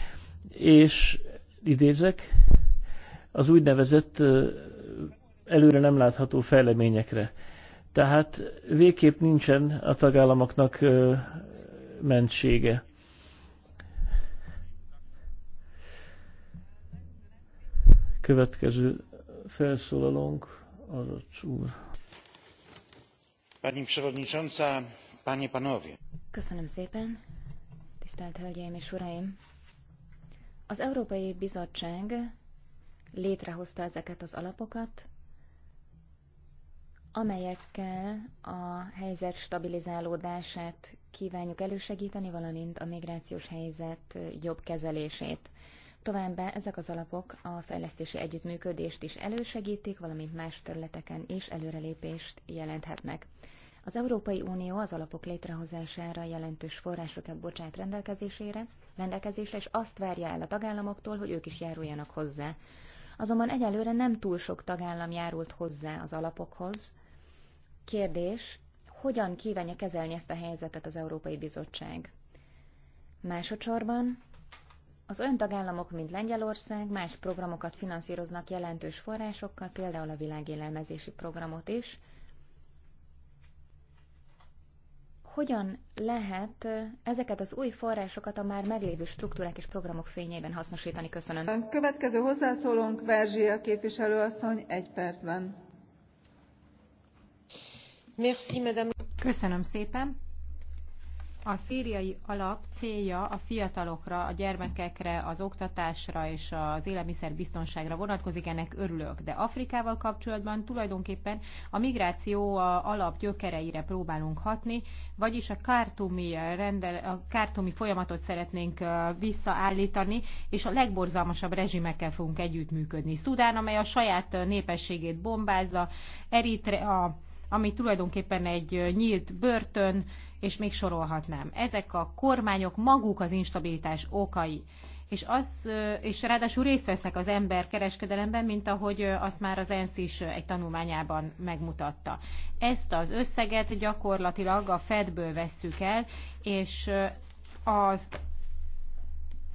és idézek, az úgynevezett e, előre nem látható fejleményekre. Tehát végképp nincsen a tagállamoknak mentsége. Következő felszólalónk az a csúr. Pani Przewodnicząca, Panie Panowie. Köszönöm szépen, tisztelt Hölgyeim és Uraim. Az Európai Bizottság létrehozta ezeket az alapokat, amelyekkel a helyzet stabilizálódását kívánjuk elősegíteni, valamint a migrációs helyzet jobb kezelését. Továbbá ezek az alapok a fejlesztési együttműködést is elősegítik, valamint más területeken is előrelépést jelenthetnek. Az Európai Unió az alapok létrehozására jelentős forrásokat bocsát rendelkezésére, rendelkezésre, és azt várja el a tagállamoktól, hogy ők is járuljanak hozzá. Azonban egyelőre nem túl sok tagállam járult hozzá az alapokhoz, Kérdés, hogyan kívánja kezelni ezt a helyzetet az Európai Bizottság? Másodszorban az olyan tagállamok, mint Lengyelország más programokat finanszíroznak jelentős forrásokkal, például a világélelmezési programot is. Hogyan lehet ezeket az új forrásokat a már meglévő struktúrák és programok fényében hasznosítani? Köszönöm. A következő hozzászólónk Verzsia képviselőasszony egy percben Köszönöm szépen. A szíriai alap célja a fiatalokra, a gyermekekre, az oktatásra és az élelmiszerbiztonságra vonatkozik, ennek örülök. De Afrikával kapcsolatban tulajdonképpen a migráció alap gyökereire próbálunk hatni, vagyis a kártumi, rendel, a kártumi folyamatot szeretnénk visszaállítani, és a legborzalmasabb rezsimekkel fogunk együttműködni. Szudán, amely a saját népességét bombázza, Eritrea, ami tulajdonképpen egy nyílt börtön, és még sorolhatnám. Ezek a kormányok maguk az instabilitás okai. És, az, és ráadásul részt vesznek az ember kereskedelemben, mint ahogy azt már az ENSZ is egy tanulmányában megmutatta. Ezt az összeget gyakorlatilag a Fedből vesszük el, és az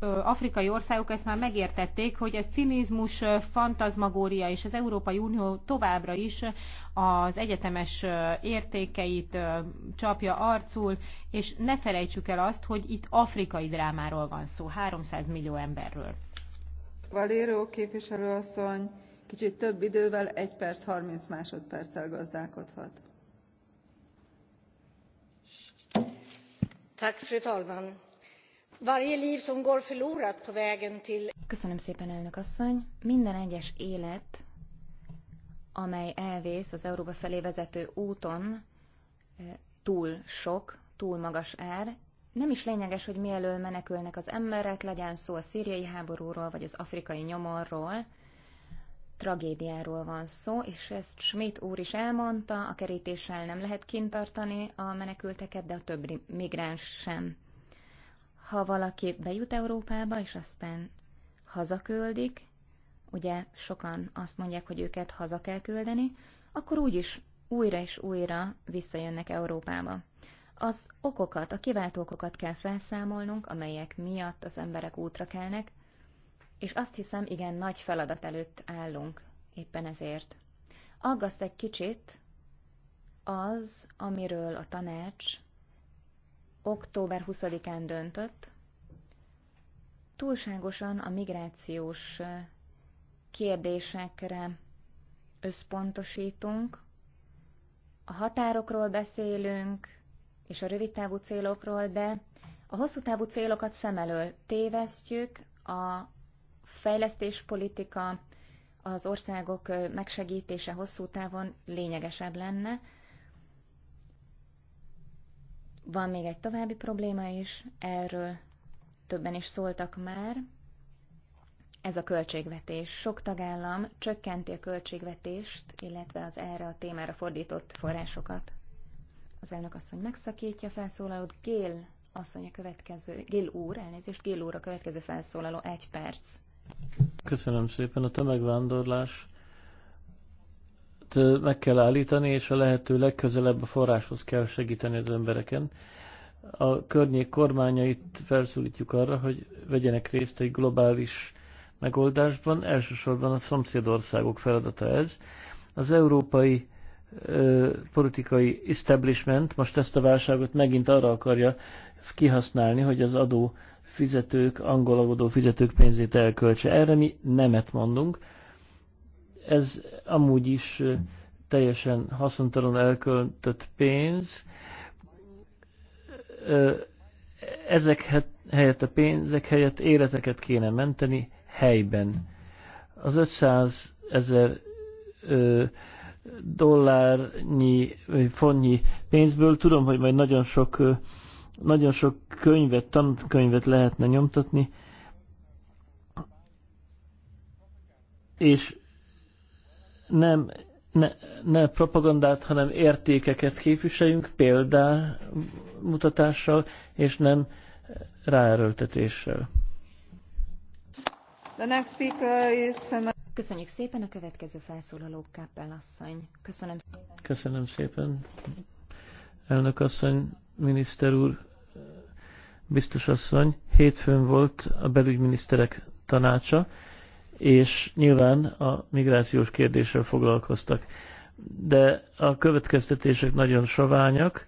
afrikai országok ezt már megértették, hogy ez cinizmus, fantazmagória, és az Európai Unió továbbra is az egyetemes értékeit csapja arcul, és ne felejtsük el azt, hogy itt afrikai drámáról van szó, 300 millió emberről. Valéró képviselőasszony kicsit több idővel, 1 perc 30 másodperccel gazdálkodhat. Tack, fru talman Varje liv som går förlorat på vägen till... Köszönöm szépen, elnök asszony. Minden egyes élet, amely elvész az Európa felé vezető úton, túl sok, túl magas ár, nem is lényeges, hogy mielől menekülnek az emberek, legyen szó a szíriai háborúról, vagy az afrikai nyomorról, tragédiáról van szó, és ezt Schmidt úr is elmondta, a kerítéssel nem lehet kintartani a menekülteket, de a többi migráns sem ha valaki bejut Európába, és aztán hazaküldik, ugye sokan azt mondják, hogy őket haza kell küldeni, akkor úgyis újra és újra visszajönnek Európába. Az okokat, a kiváltó okokat kell felszámolnunk, amelyek miatt az emberek útra kelnek, és azt hiszem, igen, nagy feladat előtt állunk éppen ezért. Aggaszt egy kicsit az, amiről a tanács október 20-án döntött, túlságosan a migrációs kérdésekre összpontosítunk, a határokról beszélünk, és a rövidtávú célokról, de a hosszú távú célokat szem elől tévesztjük, a fejlesztéspolitika, az országok megsegítése hosszú távon lényegesebb lenne, van még egy további probléma is, erről többen is szóltak már. Ez a költségvetés. Sok tagállam csökkenti a költségvetést, illetve az erre a témára fordított forrásokat. Az elnök asszony megszakítja a felszólalót. Gél asszony a következő, Gél úr, elnézést, Gél úr a következő felszólaló, egy perc. Köszönöm szépen. A tömegvándorlás ezt meg kell állítani, és a lehető legközelebb a forráshoz kell segíteni az embereken. A környék kormányait felszólítjuk arra, hogy vegyenek részt egy globális megoldásban. Elsősorban a szomszédországok feladata ez. Az európai ö, politikai establishment most ezt a válságot megint arra akarja kihasználni, hogy az adó fizetők, angol adó fizetők pénzét elköltse. Erre mi nemet mondunk ez amúgy is teljesen haszontalan elköltött pénz. Ezek helyett a pénzek helyett életeket kéne menteni helyben. Az 500 ezer dollárnyi, fontnyi pénzből tudom, hogy majd nagyon sok, nagyon sok könyvet, tankönyvet lehetne nyomtatni, és nem ne, ne propagandát, hanem értékeket képviseljünk példámutatással, és nem ráerőltetéssel. The next speaker is... Köszönjük szépen a következő felszólaló Kappel asszony. Köszönöm szépen. Köszönöm szépen. Elnök asszony, miniszter úr, biztos asszony, hétfőn volt a belügyminiszterek tanácsa, és nyilván a migrációs kérdéssel foglalkoztak. De a következtetések nagyon saványak,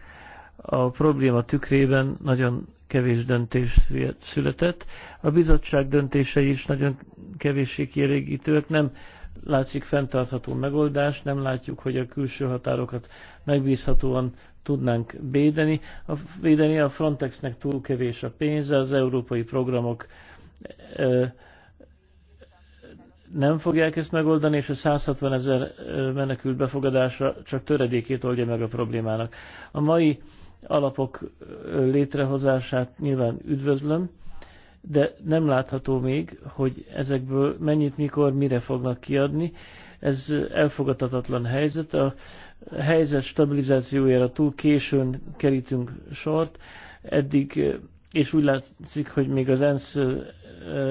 a probléma tükrében nagyon kevés döntés született, a bizottság döntései is nagyon kevéssé kielégítőek, nem látszik fenntartható megoldás, nem látjuk, hogy a külső határokat megbízhatóan tudnánk védeni. A, védeni a Frontexnek túl kevés a pénze, az európai programok ö, nem fogják ezt megoldani, és a 160 ezer menekült befogadása csak töredékét oldja meg a problémának. A mai alapok létrehozását nyilván üdvözlöm, de nem látható még, hogy ezekből mennyit, mikor, mire fognak kiadni. Ez elfogadhatatlan helyzet. A helyzet stabilizációjára túl későn kerítünk sort. Eddig és úgy látszik, hogy még az ENSZ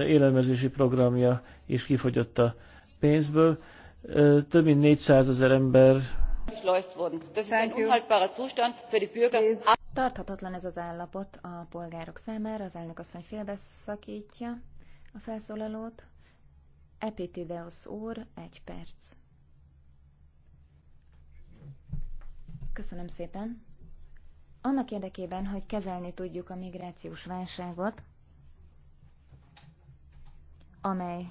élelmezési programja is kifogyott a pénzből. Több mint 400 ezer ember Tarthatatlan ez az állapot a polgárok számára, az elnök asszony félbeszakítja a felszólalót. Epitideus úr, egy perc. Köszönöm szépen. Annak érdekében, hogy kezelni tudjuk a migrációs válságot, amely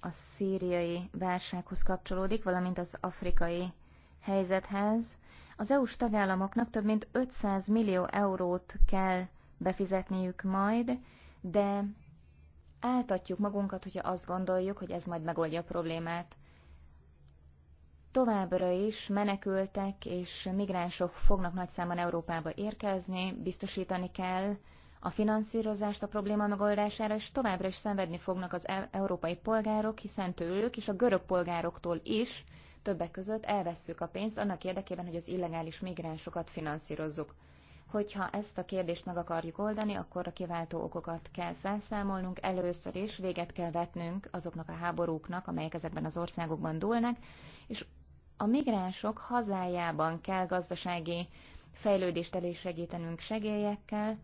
a szíriai válsághoz kapcsolódik, valamint az afrikai helyzethez, az EU-s tagállamoknak több mint 500 millió eurót kell befizetniük majd, de áltatjuk magunkat, hogyha azt gondoljuk, hogy ez majd megoldja a problémát. Továbbra is menekültek és migránsok fognak nagy számban Európába érkezni, biztosítani kell a finanszírozást a probléma megoldására, és továbbra is szenvedni fognak az e- európai polgárok, hiszen tőlük és a görög polgároktól is többek között elvesszük a pénzt annak érdekében, hogy az illegális migránsokat finanszírozzuk. Hogyha ezt a kérdést meg akarjuk oldani, akkor a kiváltó okokat kell felszámolnunk, először is véget kell vetnünk azoknak a háborúknak, amelyek ezekben az országokban dúlnak, és a migránsok hazájában kell gazdasági fejlődést segítenünk segélyekkel,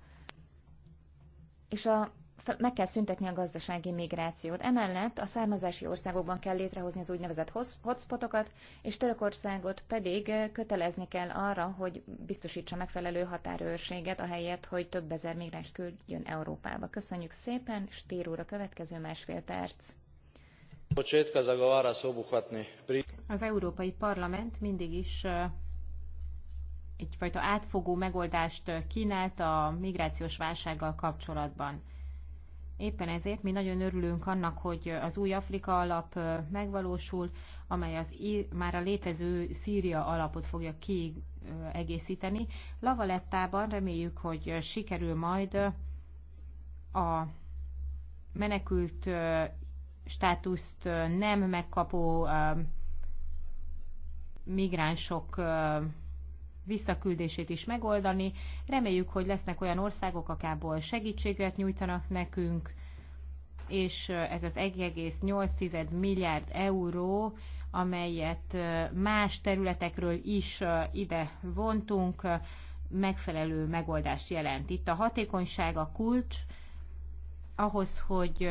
és a, meg kell szüntetni a gazdasági migrációt. Emellett a származási országokban kell létrehozni az úgynevezett hotspotokat, és Törökországot pedig kötelezni kell arra, hogy biztosítsa megfelelő határőrséget, ahelyett, hogy több ezer migráns küldjön Európába. Köszönjük szépen, és úr, a következő másfél perc. Az Európai Parlament mindig is egyfajta átfogó megoldást kínált a migrációs válsággal kapcsolatban. Éppen ezért mi nagyon örülünk annak, hogy az új Afrika alap megvalósul, amely az már a létező Szíria alapot fogja kiegészíteni. Lavalettában reméljük, hogy sikerül majd a menekült státuszt nem megkapó migránsok visszaküldését is megoldani. Reméljük, hogy lesznek olyan országok, akából segítséget nyújtanak nekünk, és ez az 1,8 milliárd euró, amelyet más területekről is ide vontunk, megfelelő megoldást jelent. Itt a hatékonyság a kulcs ahhoz, hogy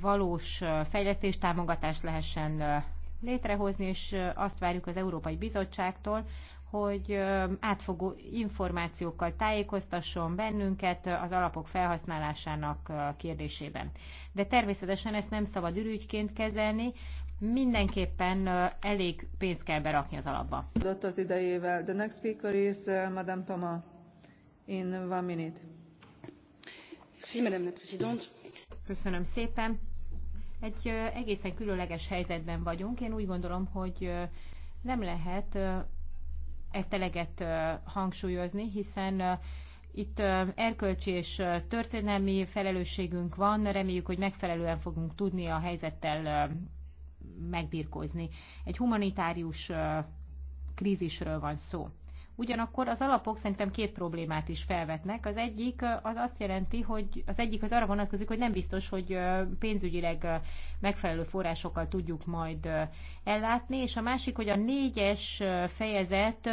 valós fejlesztéstámogatást lehessen létrehozni, és azt várjuk az Európai Bizottságtól, hogy átfogó információkkal tájékoztasson bennünket az alapok felhasználásának kérdésében. De természetesen ezt nem szabad ürügyként kezelni, mindenképpen elég pénzt kell berakni az alapba. Adott az idejével. The next speaker is Madame Thomas in one minute. Merci, Madame la Présidente Köszönöm szépen. Egy egészen különleges helyzetben vagyunk. Én úgy gondolom, hogy nem lehet ezt eleget hangsúlyozni, hiszen itt erkölcsi és történelmi felelősségünk van, reméljük, hogy megfelelően fogunk tudni a helyzettel megbirkózni. Egy humanitárius krízisről van szó. Ugyanakkor az alapok szerintem két problémát is felvetnek. Az egyik az azt jelenti, hogy az egyik az arra vonatkozik, hogy nem biztos, hogy pénzügyileg megfelelő forrásokkal tudjuk majd ellátni, és a másik, hogy a négyes fejezet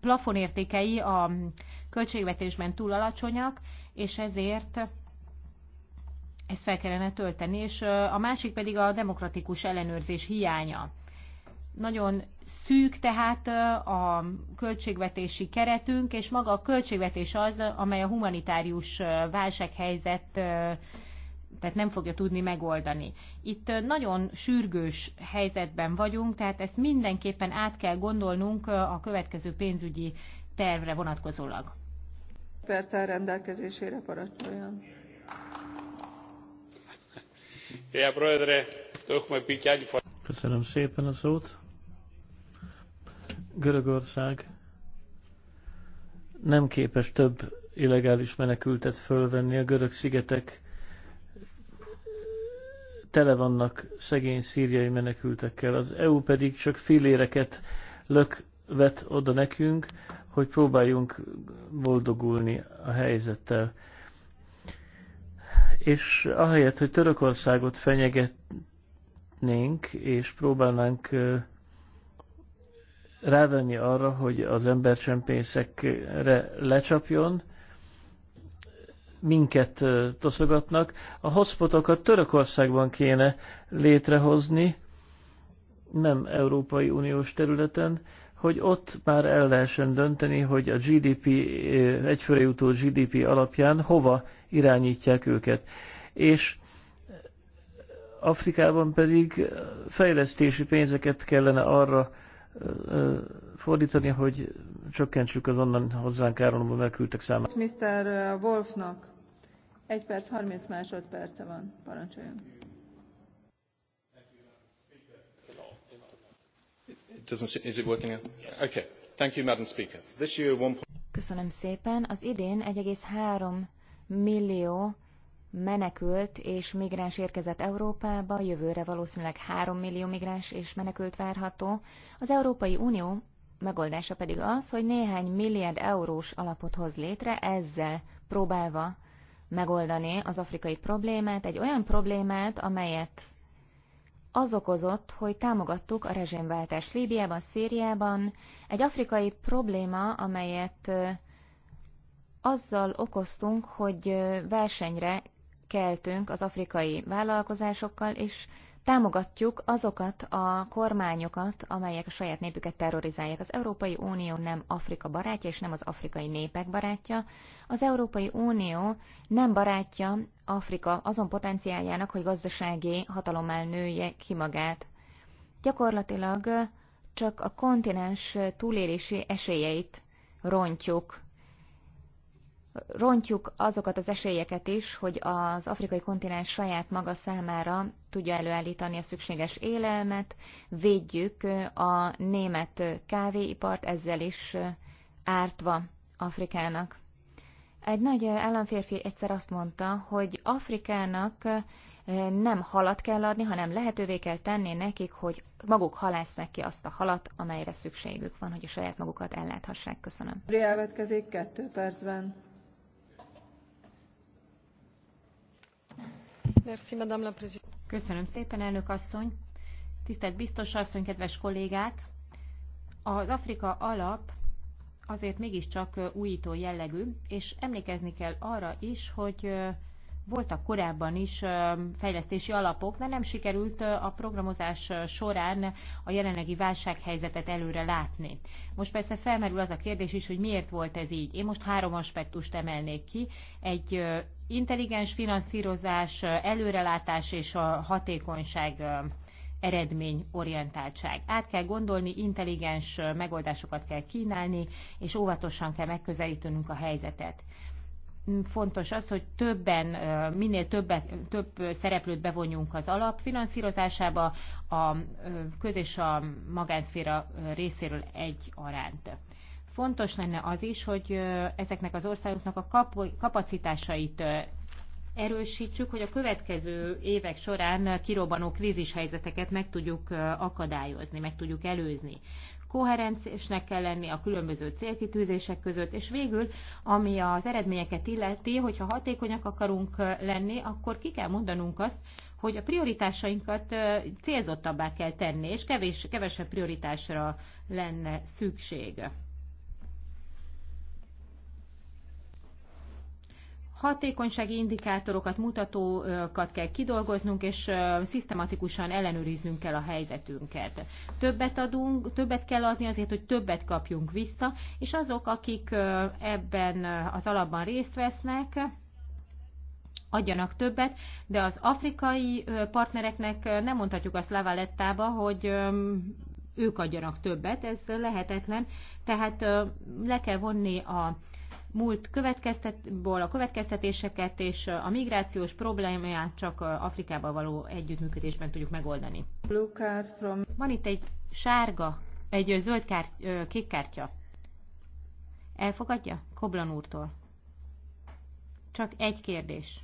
plafonértékei a költségvetésben túl alacsonyak, és ezért ezt fel kellene tölteni, és a másik pedig a demokratikus ellenőrzés hiánya nagyon szűk tehát a költségvetési keretünk, és maga a költségvetés az, amely a humanitárius válsághelyzet tehát nem fogja tudni megoldani. Itt nagyon sürgős helyzetben vagyunk, tehát ezt mindenképpen át kell gondolnunk a következő pénzügyi tervre vonatkozólag. Perccel rendelkezésére parancsoljon. Köszönöm szépen a szót. Görögország nem képes több illegális menekültet fölvenni. A görög szigetek tele vannak szegény szíriai menekültekkel. Az EU pedig csak filéreket lök, vet oda nekünk, hogy próbáljunk boldogulni a helyzettel. És ahelyett, hogy Törökországot fenyegetnénk, és próbálnánk rávenni arra, hogy az embercsempészekre lecsapjon, minket toszogatnak. A hotspotokat Törökországban kéne létrehozni, nem Európai Uniós területen, hogy ott már el lehessen dönteni, hogy a GDP, egyfőre jutó GDP alapján hova irányítják őket. És Afrikában pedig fejlesztési pénzeket kellene arra fordítani, hogy csökkentsük az onnan hozzánk áronomba megküldtek számát. Mr. Wolfnak 1 perc 30 másodperce van, parancsoljon. Köszönöm szépen. Az idén 1,3 millió menekült és migráns érkezett Európába, jövőre valószínűleg 3 millió migráns és menekült várható. Az Európai Unió megoldása pedig az, hogy néhány milliárd eurós alapot hoz létre, ezzel próbálva megoldani az afrikai problémát, egy olyan problémát, amelyet az okozott, hogy támogattuk a rezsémváltást Líbiában, Szíriában, egy afrikai probléma, amelyet azzal okoztunk, hogy versenyre keltünk az afrikai vállalkozásokkal, és támogatjuk azokat a kormányokat, amelyek a saját népüket terrorizálják. Az Európai Unió nem Afrika barátja, és nem az afrikai népek barátja. Az Európai Unió nem barátja Afrika azon potenciáljának, hogy gazdasági hatalommal nője ki magát. Gyakorlatilag csak a kontinens túlélési esélyeit rontjuk rontjuk azokat az esélyeket is, hogy az afrikai kontinens saját maga számára tudja előállítani a szükséges élelmet, védjük a német kávéipart, ezzel is ártva Afrikának. Egy nagy államférfi egyszer azt mondta, hogy Afrikának nem halat kell adni, hanem lehetővé kell tenni nekik, hogy maguk halásznak ki azt a halat, amelyre szükségük van, hogy a saját magukat elláthassák. Köszönöm. Elvetkezik kettő percben. Köszönöm szépen, elnök asszony. Tisztelt biztos asszony, kedves kollégák! Az Afrika alap azért mégiscsak újító jellegű, és emlékezni kell arra is, hogy voltak korábban is fejlesztési alapok, de nem sikerült a programozás során a jelenlegi válsághelyzetet előre látni. Most persze felmerül az a kérdés is, hogy miért volt ez így. Én most három aspektust emelnék ki. Egy intelligens finanszírozás, előrelátás és a hatékonyság eredményorientáltság. Át kell gondolni, intelligens megoldásokat kell kínálni, és óvatosan kell megközelítenünk a helyzetet fontos az, hogy többen, minél többet, több szereplőt bevonjunk az alapfinanszírozásába a köz és a magánszféra részéről egy aránt. Fontos lenne az is, hogy ezeknek az országoknak a kapacitásait erősítsük, hogy a következő évek során kirobbanó krízishelyzeteket meg tudjuk akadályozni, meg tudjuk előzni koherensnek kell lenni a különböző célkitűzések között, és végül, ami az eredményeket illeti, hogyha hatékonyak akarunk lenni, akkor ki kell mondanunk azt, hogy a prioritásainkat célzottabbá kell tenni, és kevés, kevesebb prioritásra lenne szükség. Hatékonysági indikátorokat, mutatókat kell kidolgoznunk, és szisztematikusan ellenőriznünk kell a helyzetünket. Többet adunk, többet kell adni azért, hogy többet kapjunk vissza, és azok, akik ebben az alapban részt vesznek, adjanak többet, de az afrikai partnereknek nem mondhatjuk azt Lavalettába, hogy ők adjanak többet, ez lehetetlen. Tehát le kell vonni a múlt következtetből a következtetéseket és a migrációs problémáját csak Afrikával való együttműködésben tudjuk megoldani. From... Van itt egy sárga, egy zöld kárt, kék kártya. Elfogadja? Koblan úrtól. Csak egy kérdés.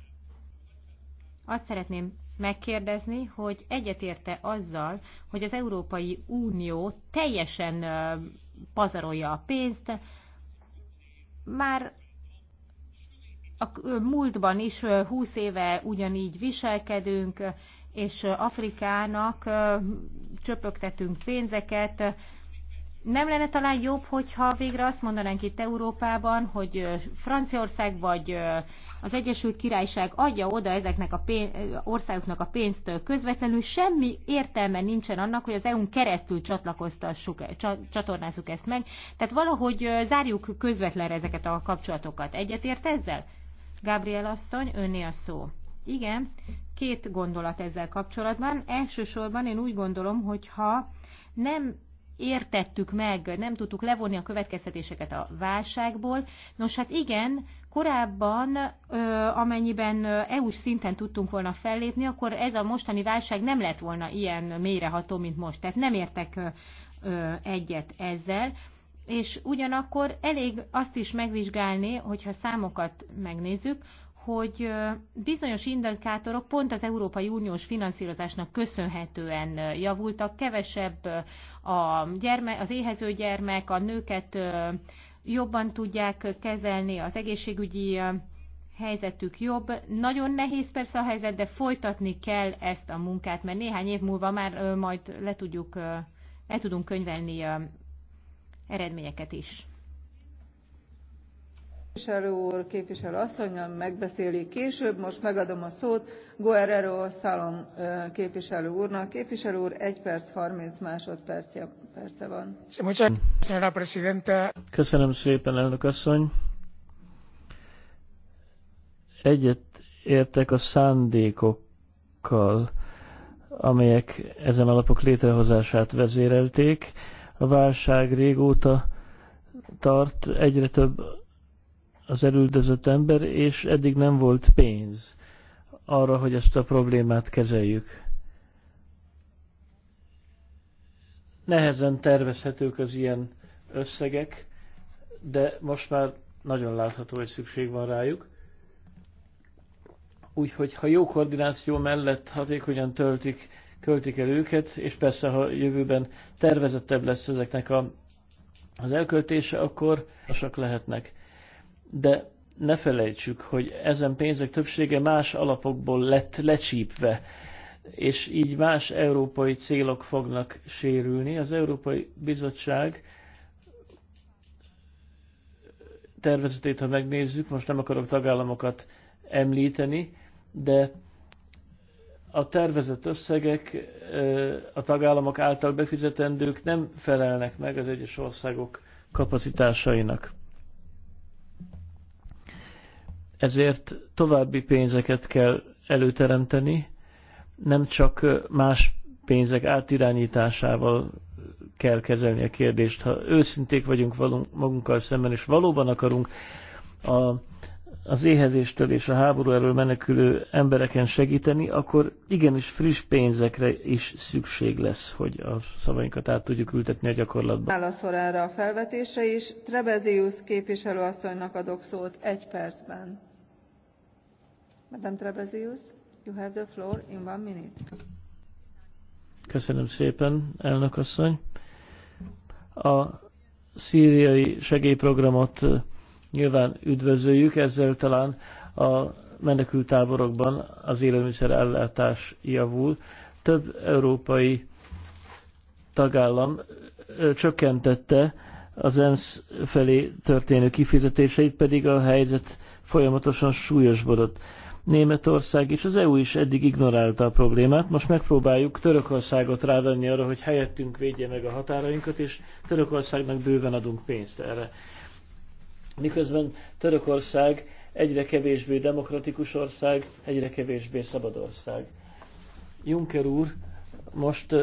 Azt szeretném megkérdezni, hogy egyetérte azzal, hogy az Európai Unió teljesen pazarolja a pénzt, már a múltban is húsz éve ugyanígy viselkedünk, és Afrikának csöpögtetünk pénzeket, nem lenne talán jobb, hogyha végre azt mondanánk itt Európában, hogy Franciaország vagy az Egyesült Királyság adja oda ezeknek a pénz, országoknak a pénzt közvetlenül, semmi értelme nincsen annak, hogy az EU-n keresztül csatlakoztassuk, e, csatornázzuk ezt meg. Tehát valahogy zárjuk közvetlenre ezeket a kapcsolatokat. Egyetért ezzel? Gabriel asszony, önné a szó. Igen, két gondolat ezzel kapcsolatban. Elsősorban én úgy gondolom, hogyha nem értettük meg, nem tudtuk levonni a következtetéseket a válságból. Nos, hát igen, korábban, amennyiben EU-s szinten tudtunk volna fellépni, akkor ez a mostani válság nem lett volna ilyen mélyreható, mint most. Tehát nem értek egyet ezzel. És ugyanakkor elég azt is megvizsgálni, hogyha számokat megnézzük, hogy bizonyos indikátorok pont az Európai Uniós finanszírozásnak köszönhetően javultak, kevesebb a gyerme, az éhező gyermek, a nőket jobban tudják kezelni, az egészségügyi helyzetük jobb. Nagyon nehéz persze a helyzet, de folytatni kell ezt a munkát, mert néhány év múlva már majd le tudjuk, el tudunk könyvelni eredményeket is. Képviselő úr, képviselő asszonynal megbeszéli később. Most megadom a szót Guerrero Szalom képviselő úrnak. Képviselő úr, egy perc 30 másodperce van. Köszönöm szépen, elnök asszony. Egyet értek a szándékokkal, amelyek ezen alapok létrehozását vezérelték. A válság régóta tart, egyre több az elüldözött ember, és eddig nem volt pénz arra, hogy ezt a problémát kezeljük. Nehezen tervezhetők az ilyen összegek, de most már nagyon látható, hogy szükség van rájuk. Úgyhogy ha jó koordináció mellett hatékonyan töltik, költik el őket, és persze ha jövőben tervezettebb lesz ezeknek a, az elköltése, akkor asak lehetnek de ne felejtsük, hogy ezen pénzek többsége más alapokból lett lecsípve, és így más európai célok fognak sérülni. Az Európai Bizottság tervezetét, ha megnézzük, most nem akarok tagállamokat említeni, de a tervezett összegek a tagállamok által befizetendők nem felelnek meg az egyes országok kapacitásainak. Ezért további pénzeket kell előteremteni, nem csak más pénzek átirányításával kell kezelni a kérdést. Ha őszinték vagyunk magunkkal szemben, és valóban akarunk a, az éhezéstől és a háború elől menekülő embereken segíteni, akkor igenis friss pénzekre is szükség lesz, hogy a szavainkat át tudjuk ültetni a gyakorlatban. Válaszol erre a felvetése is. Trebezius képviselőasszonynak adok szót egy percben Madame Trabezius, you have the floor in one minute. Köszönöm szépen, elnök asszony. A szíriai segélyprogramot nyilván üdvözöljük, ezzel talán a menekültáborokban az élelmiszer ellátás javul. Több európai tagállam csökkentette az ENSZ felé történő kifizetéseit, pedig a helyzet folyamatosan súlyosbodott. Németország és az EU is eddig ignorálta a problémát. Most megpróbáljuk Törökországot rávenni arra, hogy helyettünk védje meg a határainkat, és Törökországnak bőven adunk pénzt erre. Miközben Törökország egyre kevésbé demokratikus ország, egyre kevésbé szabad ország. Juncker úr most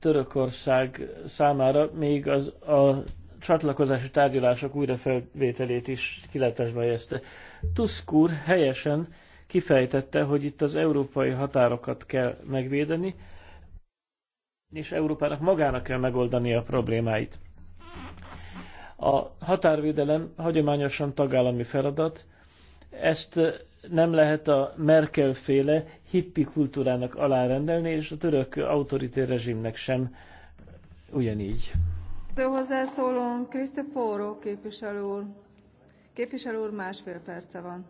Törökország számára még az a csatlakozási tárgyalások újrafelvételét is kilátásba helyezte. Tusk úr helyesen kifejtette, hogy itt az európai határokat kell megvédeni, és Európának magának kell megoldani a problémáit. A határvédelem hagyományosan tagállami feladat, ezt nem lehet a Merkel féle hippi kultúrának alárendelni, és a török autoritér rezsimnek sem ugyanígy. Hozzászólón Krisztofóró képviselő úr. Képviselő úr, másfél perce van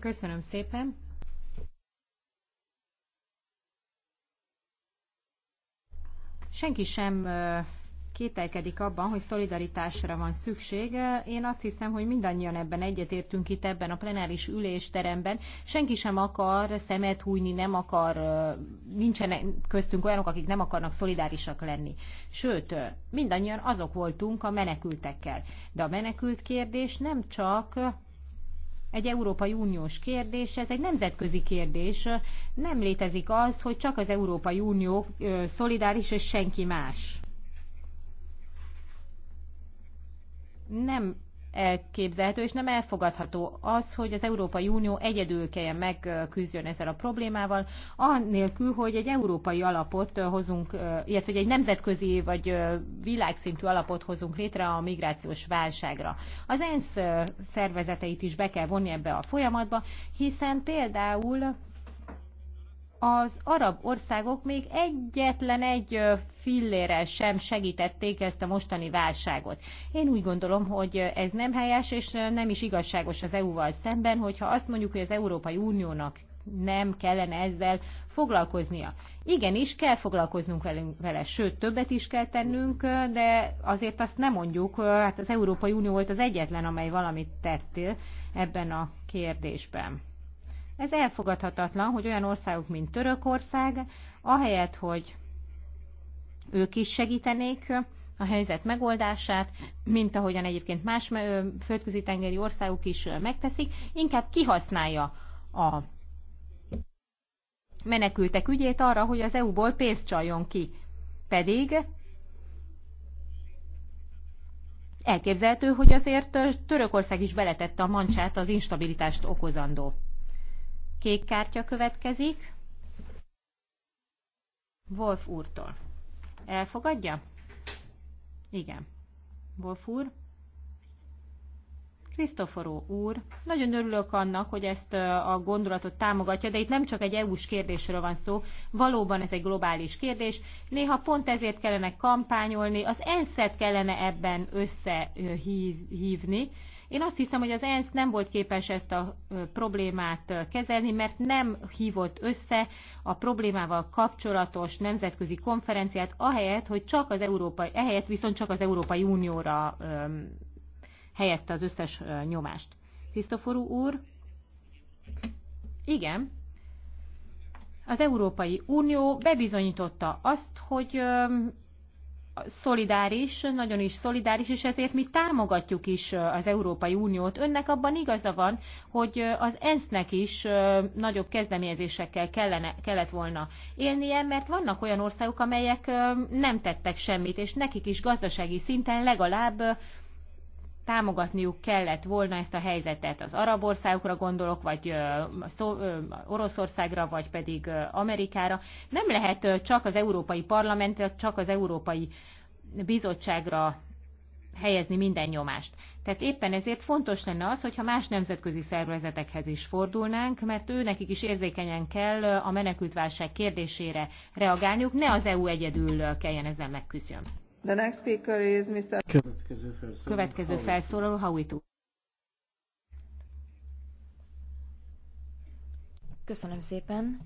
Köszönöm szépen. Senki sem kételkedik abban, hogy szolidaritásra van szükség. Én azt hiszem, hogy mindannyian ebben egyetértünk itt ebben a plenáris ülésteremben. Senki sem akar szemet hújni, nem akar, nincsenek köztünk olyanok, akik nem akarnak szolidárisak lenni. Sőt, mindannyian azok voltunk a menekültekkel. De a menekült kérdés nem csak egy Európai Uniós kérdés, ez egy nemzetközi kérdés. Nem létezik az, hogy csak az Európai Unió szolidáris, és senki más. Nem elképzelhető és nem elfogadható az, hogy az Európai Unió egyedül kelljen megküzdjön ezzel a problémával, annélkül, hogy egy európai alapot hozunk, illetve egy nemzetközi vagy világszintű alapot hozunk létre a migrációs válságra. Az ENSZ szervezeteit is be kell vonni ebbe a folyamatba, hiszen például az arab országok még egyetlen egy fillérrel sem segítették ezt a mostani válságot. Én úgy gondolom, hogy ez nem helyes, és nem is igazságos az EU-val szemben, hogyha azt mondjuk, hogy az Európai Uniónak nem kellene ezzel foglalkoznia. Igenis, kell foglalkoznunk velünk vele, sőt, többet is kell tennünk, de azért azt nem mondjuk, hát az Európai Unió volt az egyetlen, amely valamit tett ebben a kérdésben. Ez elfogadhatatlan, hogy olyan országok, mint Törökország, ahelyett, hogy ők is segítenék a helyzet megoldását, mint ahogyan egyébként más földközi tengeri országok is megteszik, inkább kihasználja a menekültek ügyét arra, hogy az EU-ból pénzt csaljon ki. Pedig elképzelhető, hogy azért Törökország is beletette a mancsát az instabilitást okozandó Kék kártya következik. Wolf úrtól. Elfogadja? Igen. Wolf úr? Krisztoforó úr, nagyon örülök annak, hogy ezt a gondolatot támogatja, de itt nem csak egy EU-s kérdésről van szó, valóban ez egy globális kérdés. Néha pont ezért kellene kampányolni, az ENSZ-et kellene ebben összehívni, én azt hiszem, hogy az ENSZ nem volt képes ezt a problémát kezelni, mert nem hívott össze a problémával kapcsolatos nemzetközi konferenciát, ahelyett, hogy csak az Európai, ehelyett viszont csak az Európai Unióra öm, helyezte az összes nyomást. Krisztoforú úr? Igen. Az Európai Unió bebizonyította azt, hogy öm, szolidáris, nagyon is szolidáris, és ezért mi támogatjuk is az Európai Uniót. Önnek abban igaza van, hogy az ENSZ-nek is nagyobb kezdeményezésekkel kellene, kellett volna élnie, mert vannak olyan országok, amelyek nem tettek semmit, és nekik is gazdasági szinten legalább támogatniuk kellett volna ezt a helyzetet. Az arab országokra gondolok, vagy szó, Oroszországra, vagy pedig Amerikára. Nem lehet csak az Európai Parlamentre, csak az Európai Bizottságra helyezni minden nyomást. Tehát éppen ezért fontos lenne az, hogyha más nemzetközi szervezetekhez is fordulnánk, mert nekik is érzékenyen kell a menekültválság kérdésére reagálniuk, ne az EU egyedül kelljen ezzel megküzdjön. The next speaker is Mr. Következő felszólaló, Következő Köszönöm szépen.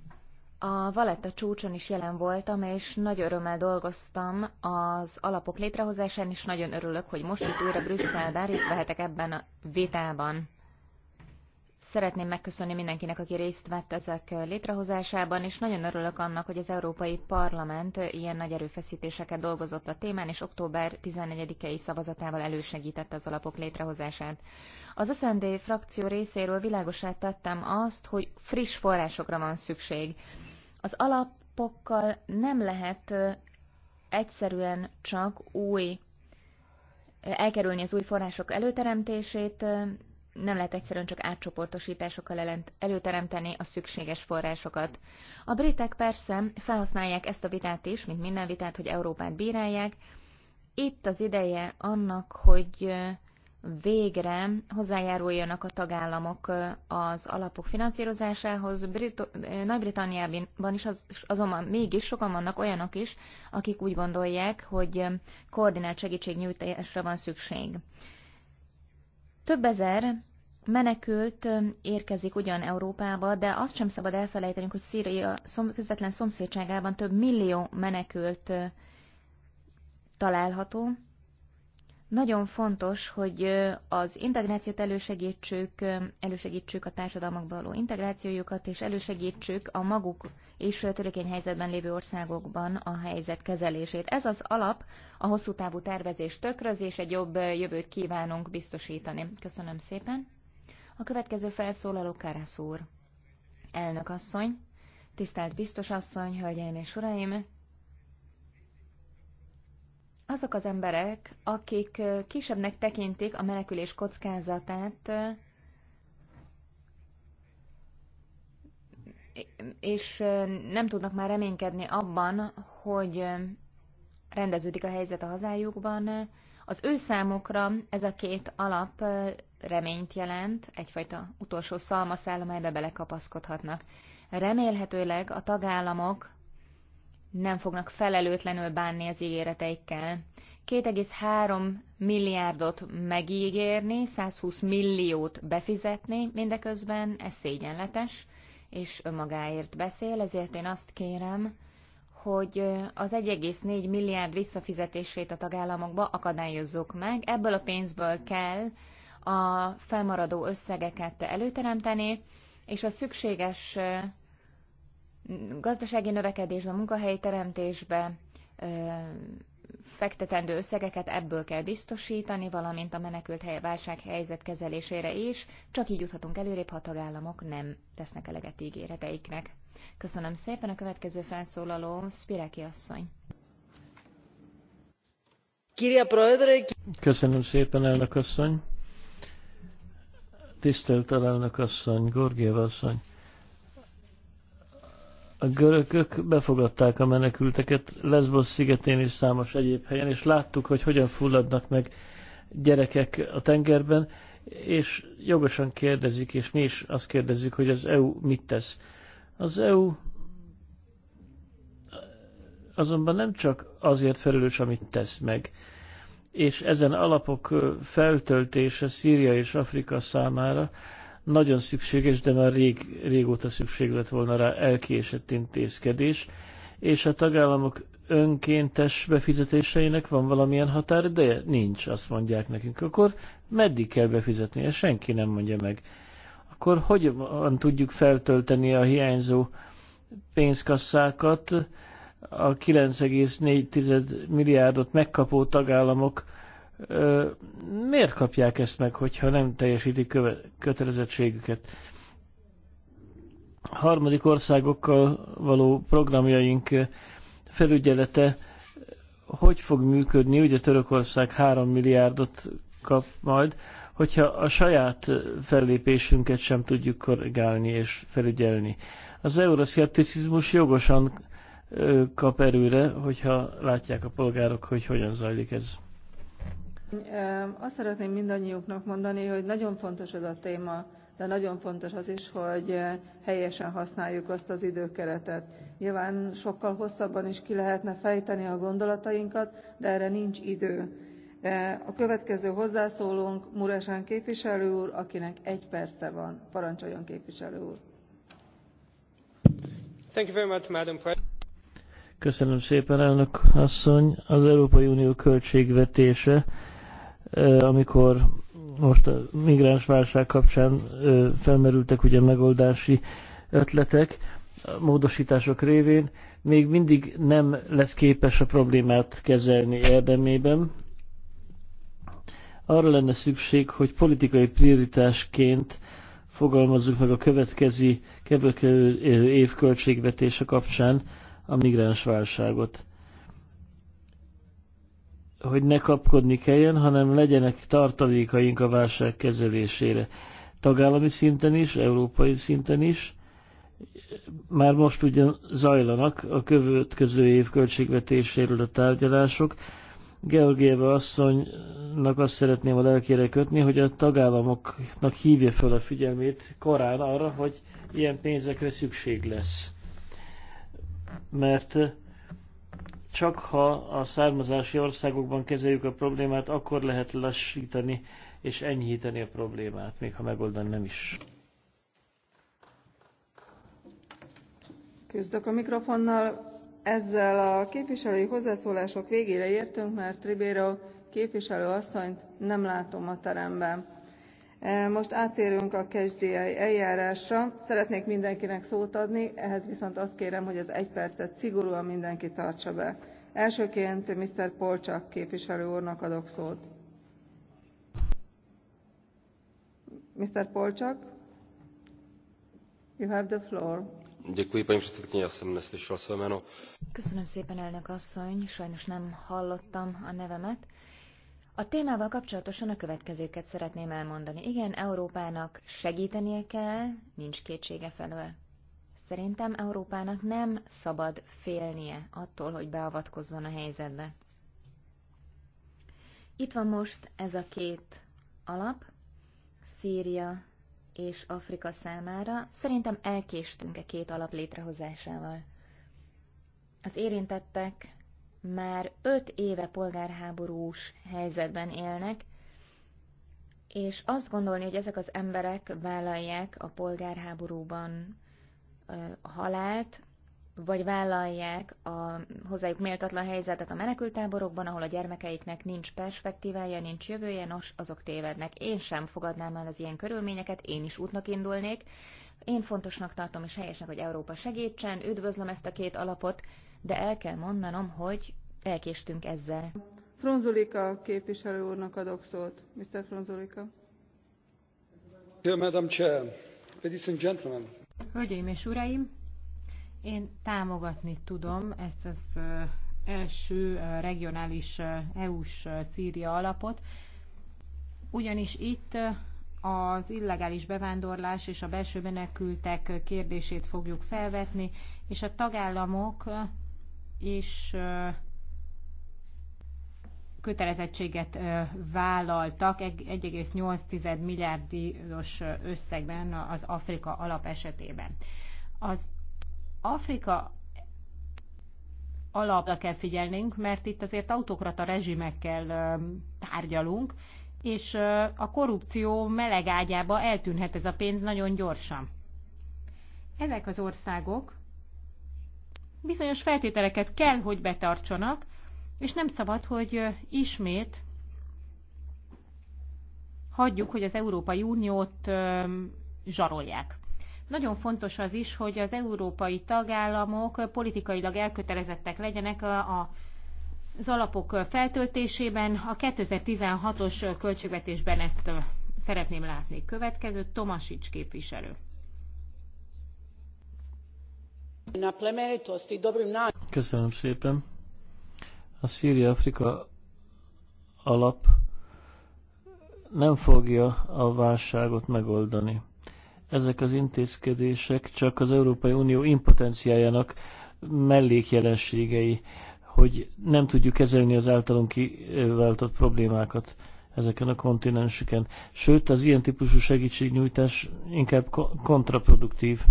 A Valetta csúcson is jelen voltam, és nagy örömmel dolgoztam az alapok létrehozásán, és nagyon örülök, hogy most itt újra Brüsszelben részt vehetek ebben a vitában. Szeretném megköszönni mindenkinek, aki részt vett ezek létrehozásában, és nagyon örülök annak, hogy az Európai Parlament ilyen nagy erőfeszítéseket dolgozott a témán, és október 14-i szavazatával elősegítette az alapok létrehozását. Az SZND frakció részéről világosá tettem azt, hogy friss forrásokra van szükség. Az alapokkal nem lehet egyszerűen csak új elkerülni az új források előteremtését, nem lehet egyszerűen csak átcsoportosításokkal előteremteni a szükséges forrásokat. A britek persze felhasználják ezt a vitát is, mint minden vitát, hogy Európát bírálják. Itt az ideje annak, hogy végre hozzájáruljanak a tagállamok az alapok finanszírozásához. Nagy-Britanniában is az, azonban mégis sokan vannak olyanok is, akik úgy gondolják, hogy koordinált segítségnyújtásra van szükség. Több ezer menekült érkezik ugyan Európába, de azt sem szabad elfelejtenünk, hogy Szíria közvetlen szomszédságában több millió menekült található, nagyon fontos, hogy az integrációt elősegítsük, elősegítsük a társadalmakba való integrációjukat, és elősegítsük a maguk és törékeny helyzetben lévő országokban a helyzet kezelését. Ez az alap a hosszú távú tervezés tökröz, és egy jobb jövőt kívánunk biztosítani. Köszönöm szépen. A következő felszólaló Karász úr. Elnök asszony, tisztelt biztos asszony, hölgyeim és uraim, azok az emberek, akik kisebbnek tekintik a menekülés kockázatát, és nem tudnak már reménykedni abban, hogy rendeződik a helyzet a hazájukban, az ő számukra ez a két alap reményt jelent, egyfajta utolsó szalmaszál, amelybe belekapaszkodhatnak. Remélhetőleg a tagállamok nem fognak felelőtlenül bánni az ígéreteikkel. 2,3 milliárdot megígérni, 120 milliót befizetni, mindeközben ez szégyenletes, és önmagáért beszél, ezért én azt kérem, hogy az 1,4 milliárd visszafizetését a tagállamokba akadályozzuk meg. Ebből a pénzből kell a felmaradó összegeket előteremteni, és a szükséges gazdasági növekedésbe, munkahelyteremtésbe fektetendő összegeket ebből kell biztosítani, valamint a menekült hely, válság helyzet kezelésére is, csak így juthatunk előrébb, ha a tagállamok nem tesznek eleget ígéreteiknek. Köszönöm szépen a következő felszólaló, Spireki asszony. Köszönöm szépen, elnök asszony. Tisztelt elnök asszony, Gorgiev asszony. A görögök befogadták a menekülteket Lesbos szigetén és számos egyéb helyen, és láttuk, hogy hogyan fulladnak meg gyerekek a tengerben, és jogosan kérdezik, és mi is azt kérdezzük, hogy az EU mit tesz. Az EU azonban nem csak azért felelős, amit tesz meg, és ezen alapok feltöltése Szíria és Afrika számára nagyon szükséges, de már rég, régóta szükség lett volna rá elkésett intézkedés, és a tagállamok önkéntes befizetéseinek van valamilyen határ, de nincs, azt mondják nekünk. Akkor meddig kell befizetni? Ezt senki nem mondja meg. Akkor hogyan tudjuk feltölteni a hiányzó pénzkasszákat a 9,4 milliárdot megkapó tagállamok miért kapják ezt meg, hogyha nem teljesítik kötelezettségüket? A harmadik országokkal való programjaink felügyelete hogy fog működni, ugye Törökország 3 milliárdot kap majd, hogyha a saját fellépésünket sem tudjuk korrigálni és felügyelni. Az euroszkepticizmus jogosan kap erőre, hogyha látják a polgárok, hogy hogyan zajlik ez. Azt szeretném mindannyiuknak mondani, hogy nagyon fontos ez a téma, de nagyon fontos az is, hogy helyesen használjuk azt az időkeretet. Nyilván sokkal hosszabban is ki lehetne fejteni a gondolatainkat, de erre nincs idő. A következő hozzászólónk Muresán képviselő úr, akinek egy perce van. Parancsoljon képviselő úr. Köszönöm szépen, elnök asszony. Az Európai Unió költségvetése amikor most a migráns válság kapcsán felmerültek ugye megoldási ötletek, módosítások révén, még mindig nem lesz képes a problémát kezelni érdemében. Arra lenne szükség, hogy politikai prioritásként fogalmazzuk meg a következő év költségvetése kapcsán a migráns válságot hogy ne kapkodni kelljen, hanem legyenek tartalékaink a válság kezelésére. Tagállami szinten is, európai szinten is. Már most ugyan zajlanak a következő év költségvetéséről a tárgyalások. Georgieva asszonynak azt szeretném a lelkére kötni, hogy a tagállamoknak hívja fel a figyelmét korán arra, hogy ilyen pénzekre szükség lesz. Mert csak ha a származási országokban kezeljük a problémát, akkor lehet lassítani és enyhíteni a problémát, még ha megoldani nem is. Küzdök a mikrofonnal. Ezzel a képviselői hozzászólások végére értünk, mert Ribeiro képviselő asszonyt nem látom a teremben most áttérünk a catch the eye eljárásra szeretnék mindenkinek szót adni ehhez viszont azt kérem hogy az egy percet szigorúan mindenki tartsa be. elsőként mr polk képviselő úrnak adok szót. mr polk you have the floor. Děkuji, paní předsedkyně, já jsem neslyšel své jméno. Köszönöm szépen, elnök asszony, sajnos nem hallottam a nevemet. A témával kapcsolatosan a következőket szeretném elmondani. Igen, Európának segítenie kell, nincs kétsége felől. Szerintem Európának nem szabad félnie attól, hogy beavatkozzon a helyzetbe. Itt van most ez a két alap, Szíria és Afrika számára. Szerintem elkéstünk e két alap létrehozásával. Az érintettek már öt éve polgárháborús helyzetben élnek, és azt gondolni, hogy ezek az emberek vállalják a polgárháborúban a halált, vagy vállalják a hozzájuk méltatlan helyzetet a menekültáborokban, ahol a gyermekeiknek nincs perspektívája, nincs jövője, nos, azok tévednek. Én sem fogadnám el az ilyen körülményeket, én is útnak indulnék. Én fontosnak tartom és helyesnek, hogy Európa segítsen, üdvözlöm ezt a két alapot, de el kell mondanom, hogy elkéstünk ezzel. Fronzulika képviselő úrnak adok szót. Mr. Fronzulika. Madam Chair, ladies and gentlemen. Hölgyeim és uraim, én támogatni tudom ezt az első regionális EU-s Szíria alapot, ugyanis itt az illegális bevándorlás és a belső menekültek kérdését fogjuk felvetni, és a tagállamok és kötelezettséget vállaltak 1,8 milliárdos összegben az Afrika alap esetében. Az Afrika alapra kell figyelnünk, mert itt azért autokrata rezsimekkel tárgyalunk, és a korrupció melegágyába eltűnhet ez a pénz nagyon gyorsan. Ezek az országok bizonyos feltételeket kell, hogy betartsanak, és nem szabad, hogy ismét hagyjuk, hogy az Európai Uniót zsarolják. Nagyon fontos az is, hogy az európai tagállamok politikailag elkötelezettek legyenek a, a az alapok feltöltésében. A 2016-os költségvetésben ezt szeretném látni. Következő Tomasics képviselő. Köszönöm szépen. A Szíria-Afrika alap nem fogja a válságot megoldani. Ezek az intézkedések csak az Európai Unió impotenciájának mellékjelenségei, hogy nem tudjuk kezelni az általunk kiváltott problémákat ezeken a kontinenseken. Sőt, az ilyen típusú segítségnyújtás inkább kontraproduktív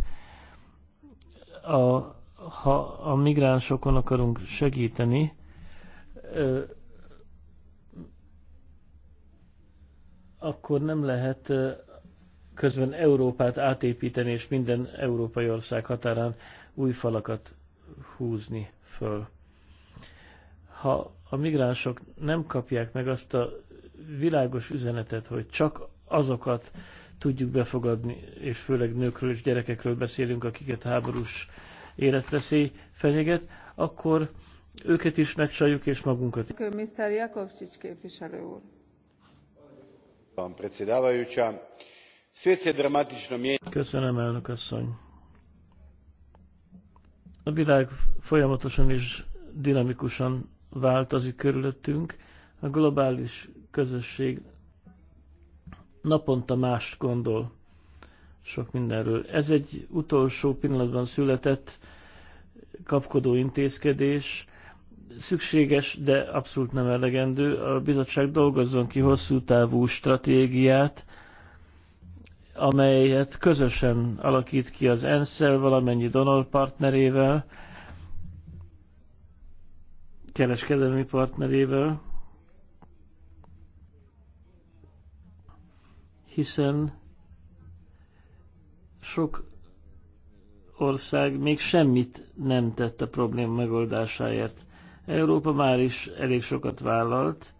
a, ha a migránsokon akarunk segíteni, akkor nem lehet közben Európát átépíteni, és minden európai ország határán új falakat húzni föl. Ha a migránsok nem kapják meg azt a világos üzenetet, hogy csak azokat tudjuk befogadni, és főleg nőkről és gyerekekről beszélünk, akiket háborús életveszély fenyeget, akkor őket is megcsaljuk, és magunkat. Mr. Jakovcsics képviselő úr. Köszönöm, elnök asszony. A világ folyamatosan és dinamikusan változik körülöttünk. A globális közösség naponta mást gondol sok mindenről. Ez egy utolsó pillanatban született kapkodó intézkedés, szükséges, de abszolút nem elegendő. A bizottság dolgozzon ki hosszú távú stratégiát, amelyet közösen alakít ki az ENSZ-szel, valamennyi donor partnerével, kereskedelmi partnerével, hiszen sok ország még semmit nem tett a probléma megoldásáért. Európa már is elég sokat vállalt.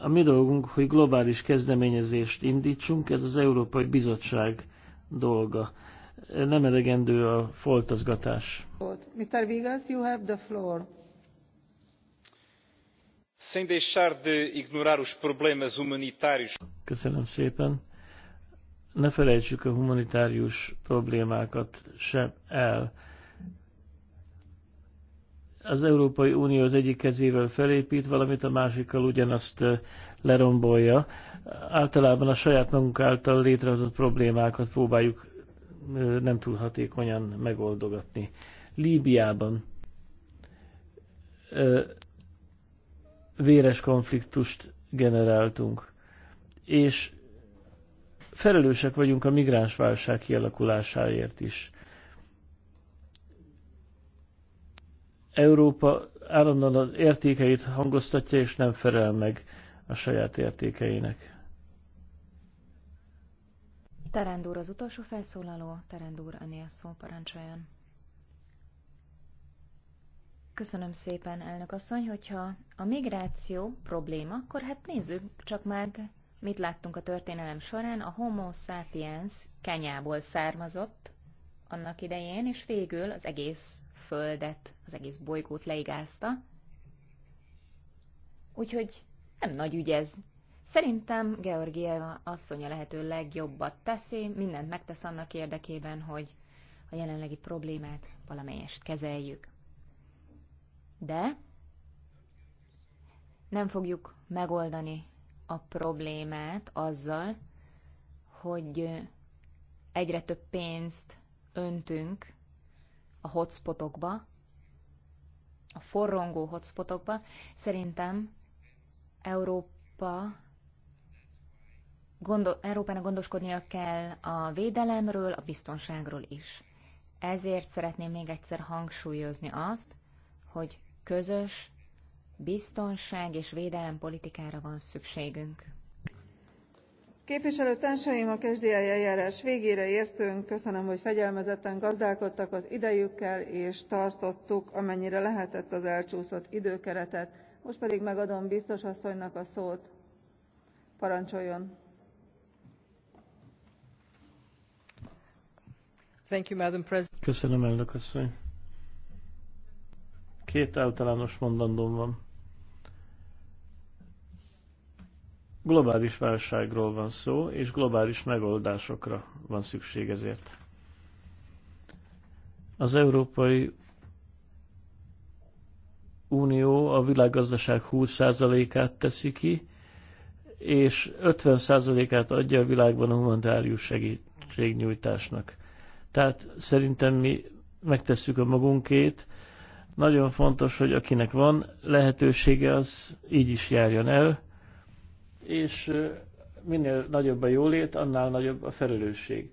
A mi dolgunk, hogy globális kezdeményezést indítsunk, ez az Európai Bizottság dolga. Nem elegendő a foltozgatás. Mr. Vigas, you have the floor. Sem deixar de ignorar os problemas humanitários. Köszönöm szépen. Ne felejtsük a humanitárius problémákat sem el. Az Európai Unió az egyik kezével felépít valamit, a másikkal ugyanazt eh, lerombolja. Általában a saját magunk által létrehozott problémákat próbáljuk eh, nem túl hatékonyan megoldogatni. Líbiában eh, véres konfliktust generáltunk. És felelősek vagyunk a migránsválság kialakulásáért is. Európa állandóan az értékeit hangoztatja, és nem felel meg a saját értékeinek. Terendúr az utolsó felszólaló, Terendúr a szó parancsoljon. Köszönöm szépen, elnök asszony, hogyha a migráció probléma, akkor hát nézzük csak meg, mit láttunk a történelem során. A homo sapiens Kenyából származott annak idején, és végül az egész földet, az egész bolygót leigázta. Úgyhogy nem nagy ügy ez. Szerintem Georgieva asszony a lehető legjobbat teszi, mindent megtesz annak érdekében, hogy a jelenlegi problémát valamelyest kezeljük de nem fogjuk megoldani a problémát azzal, hogy egyre több pénzt öntünk a hotspotokba, a forrongó hotspotokba. Szerintem Európa gondol, Európának gondoskodnia kell a védelemről, a biztonságról is. Ezért szeretném még egyszer hangsúlyozni azt, hogy közös biztonság és védelem politikára van szükségünk. társaim, a kezdi eljárás végére értünk. Köszönöm, hogy fegyelmezetten gazdálkodtak az idejükkel, és tartottuk, amennyire lehetett az elcsúszott időkeretet. Most pedig megadom biztos asszonynak a szót. Parancsoljon! Thank you, Madam President. Köszönöm, elnök asszony! Két általános mondandóm van. Globális válságról van szó, és globális megoldásokra van szükség ezért. Az Európai Unió a világgazdaság 20%-át teszi ki, és 50%-át adja a világban a humanitárius segítségnyújtásnak. Tehát szerintem mi megtesszük a magunkét, nagyon fontos, hogy akinek van lehetősége, az így is járjon el, és minél nagyobb a jólét, annál nagyobb a felelősség.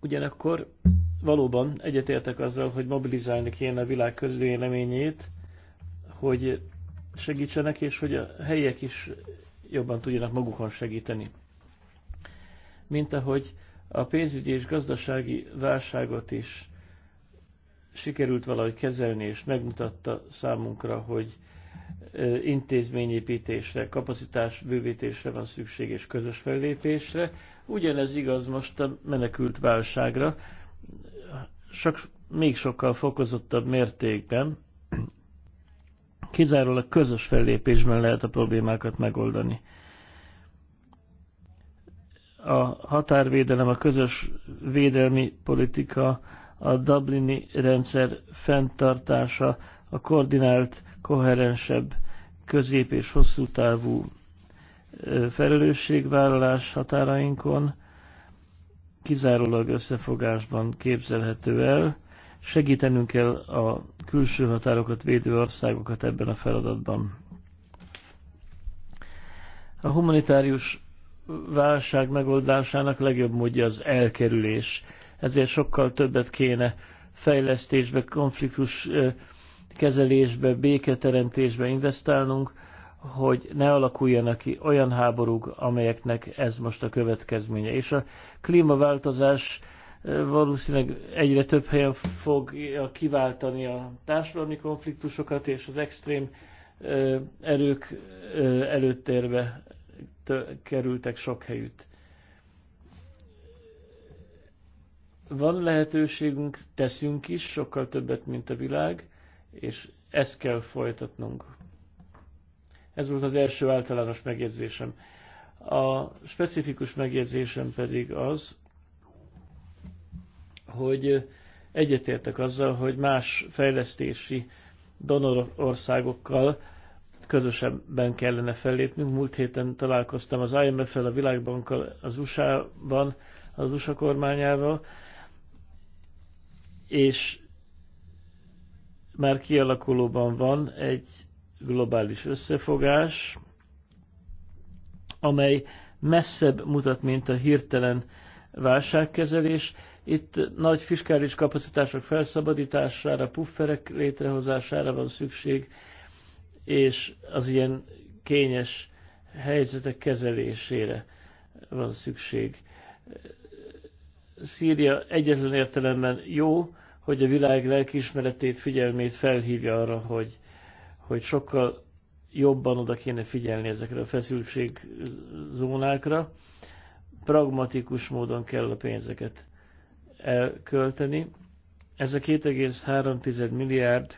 Ugyanakkor valóban egyetértek azzal, hogy mobilizálni kéne a világ közvéleményét, hogy segítsenek, és hogy a helyiek is jobban tudjanak magukon segíteni. Mint ahogy a pénzügyi és gazdasági válságot is sikerült valahogy kezelni, és megmutatta számunkra, hogy intézményépítésre, kapacitás bővítésre van szükség és közös fellépésre. Ugyanez igaz most a menekült válságra, sok még sokkal fokozottabb mértékben, kizárólag közös fellépésben lehet a problémákat megoldani. A határvédelem, a közös védelmi politika, a Dublini rendszer fenntartása, a koordinált, koherensebb, közép- és hosszú távú felelősségvállalás határainkon kizárólag összefogásban képzelhető el. Segítenünk kell a külső határokat védő országokat ebben a feladatban. A humanitárius válság megoldásának legjobb módja az elkerülés ezért sokkal többet kéne fejlesztésbe, konfliktus kezelésbe, béketeremtésbe investálnunk, hogy ne alakuljanak ki olyan háborúk, amelyeknek ez most a következménye. És a klímaváltozás valószínűleg egyre több helyen fogja kiváltani a társadalmi konfliktusokat, és az extrém erők előttérbe kerültek sok helyütt. Van lehetőségünk, teszünk is sokkal többet, mint a világ, és ezt kell folytatnunk. Ez volt az első általános megjegyzésem. A specifikus megjegyzésem pedig az, hogy egyetértek azzal, hogy más fejlesztési donor országokkal közösebben kellene fellépnünk. Múlt héten találkoztam az IMF-el, a Világbankkal, az USA-ban, az USA kormányával, és már kialakulóban van egy globális összefogás, amely messzebb mutat, mint a hirtelen válságkezelés. Itt nagy fiskális kapacitások felszabadítására, pufferek létrehozására van szükség, és az ilyen kényes helyzetek kezelésére van szükség. Szíria egyetlen értelemben jó hogy a világ lelkiismeretét, figyelmét felhívja arra, hogy, hogy sokkal jobban oda kéne figyelni ezekre a feszültségzónákra. Pragmatikus módon kell a pénzeket elkölteni. Ez a 2,3 milliárd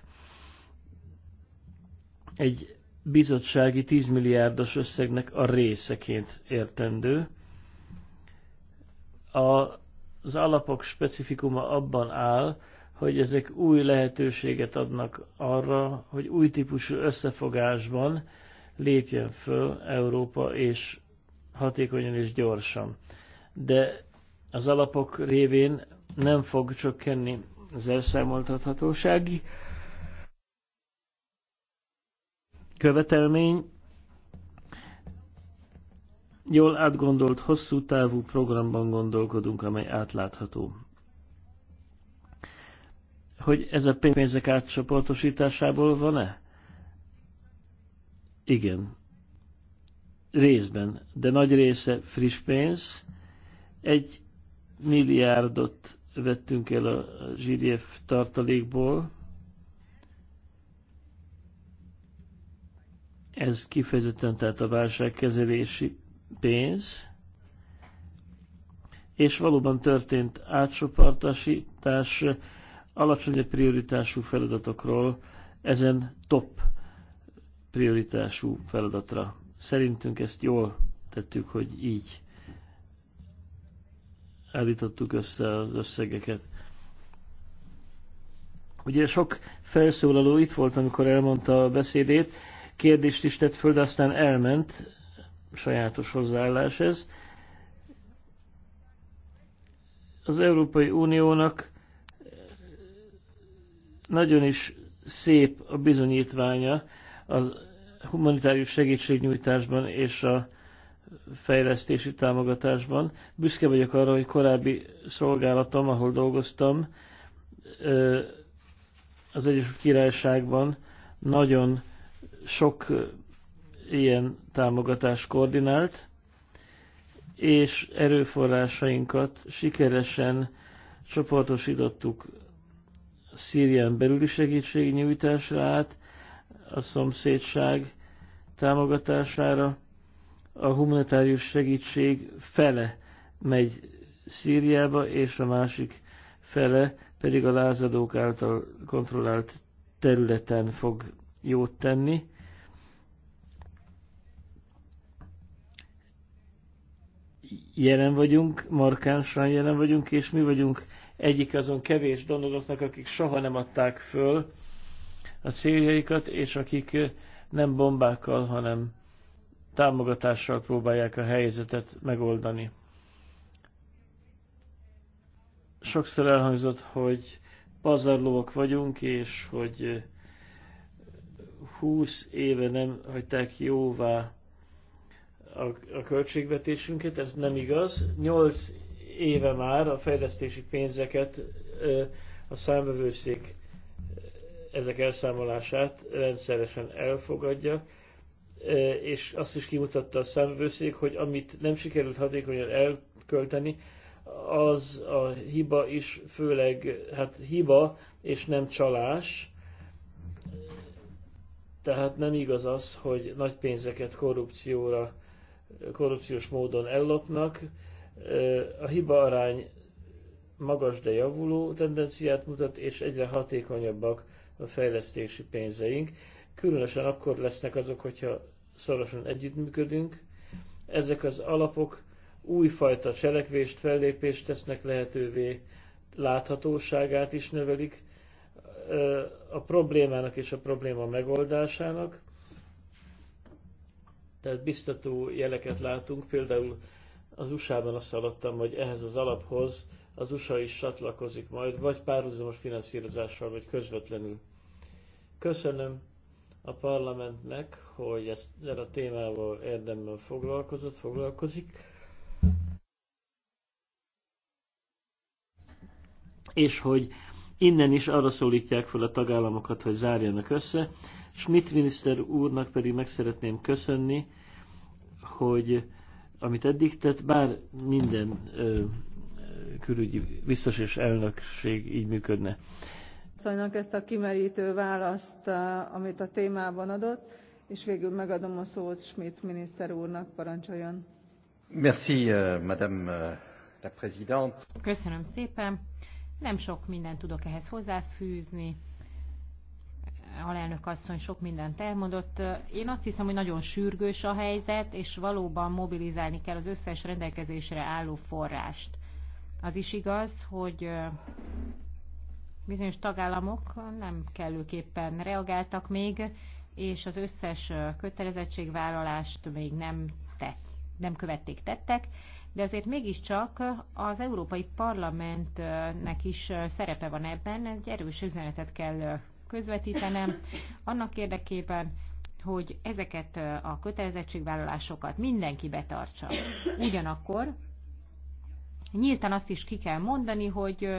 egy bizottsági 10 milliárdos összegnek a részeként értendő. A az alapok specifikuma abban áll, hogy ezek új lehetőséget adnak arra, hogy új típusú összefogásban lépjen föl Európa, és hatékonyan és gyorsan. De az alapok révén nem fog csökkenni az elszámoltathatósági követelmény, jól átgondolt, hosszú távú programban gondolkodunk, amely átlátható. Hogy ez a pénzek átcsoportosításából van-e? Igen. Részben, de nagy része friss pénz. Egy milliárdot vettünk el a GDF tartalékból. Ez kifejezetten tehát a kezelési pénz, és valóban történt átcsoportosítás alacsony prioritású feladatokról ezen top prioritású feladatra. Szerintünk ezt jól tettük, hogy így állítottuk össze az összegeket. Ugye sok felszólaló itt volt, amikor elmondta a beszédét, kérdést is tett föl, de aztán elment, sajátos hozzáállás ez. Az Európai Uniónak nagyon is szép a bizonyítványa az humanitárius segítségnyújtásban és a fejlesztési támogatásban. Büszke vagyok arra, hogy korábbi szolgálatom, ahol dolgoztam, az Egyesült Királyságban nagyon sok ilyen támogatás koordinált, és erőforrásainkat sikeresen csoportosítottuk Szírián belüli segítségnyújtásra át, a szomszédság támogatására, a humanitárius segítség fele megy Szíriába, és a másik fele pedig a lázadók által kontrollált területen fog jót tenni. jelen vagyunk, markánsan jelen vagyunk, és mi vagyunk egyik azon kevés donodoknak, akik soha nem adták föl a céljaikat, és akik eh, nem bombákkal, hanem támogatással próbálják a helyzetet megoldani. Sokszor elhangzott, hogy pazarlóak vagyunk, és hogy 20 eh, éve nem hagyták jóvá a, a költségvetésünket, ez nem igaz. Nyolc éve már a fejlesztési pénzeket a számvevőszék ezek elszámolását rendszeresen elfogadja, és azt is kimutatta a számvevőszék, hogy amit nem sikerült hatékonyan elkölteni, az a hiba is főleg, hát hiba és nem csalás, tehát nem igaz az, hogy nagy pénzeket korrupcióra korrupciós módon ellopnak. A hiba arány magas, de javuló tendenciát mutat, és egyre hatékonyabbak a fejlesztési pénzeink. Különösen akkor lesznek azok, hogyha szorosan együttműködünk. Ezek az alapok újfajta cselekvést, fellépést tesznek lehetővé, láthatóságát is növelik, a problémának és a probléma megoldásának, tehát biztató jeleket látunk, például az USA-ban azt hallottam, hogy ehhez az alaphoz az USA is csatlakozik majd, vagy párhuzamos finanszírozással, vagy közvetlenül. Köszönöm a parlamentnek, hogy ezzel a témával érdemben foglalkozott, foglalkozik. És hogy innen is arra szólítják fel a tagállamokat, hogy zárjanak össze. Schmidt miniszter úrnak pedig meg szeretném köszönni, hogy amit eddig tett, bár minden ö, külügyi biztos és elnökség így működne. Szajnak ezt a kimerítő választ, amit a témában adott, és végül megadom a szót Schmidt miniszter úrnak, parancsoljon. Merci, euh, madame euh, la présidente. Köszönöm szépen. Nem sok mindent tudok ehhez hozzáfűzni alelnök asszony sok mindent elmondott. Én azt hiszem, hogy nagyon sürgős a helyzet, és valóban mobilizálni kell az összes rendelkezésre álló forrást. Az is igaz, hogy bizonyos tagállamok nem kellőképpen reagáltak még, és az összes kötelezettségvállalást még nem, tett, nem követték tettek, de azért mégiscsak az Európai Parlamentnek is szerepe van ebben, egy erős üzenetet kell közvetítenem, annak érdekében, hogy ezeket a kötelezettségvállalásokat mindenki betartsa. Ugyanakkor nyíltan azt is ki kell mondani, hogy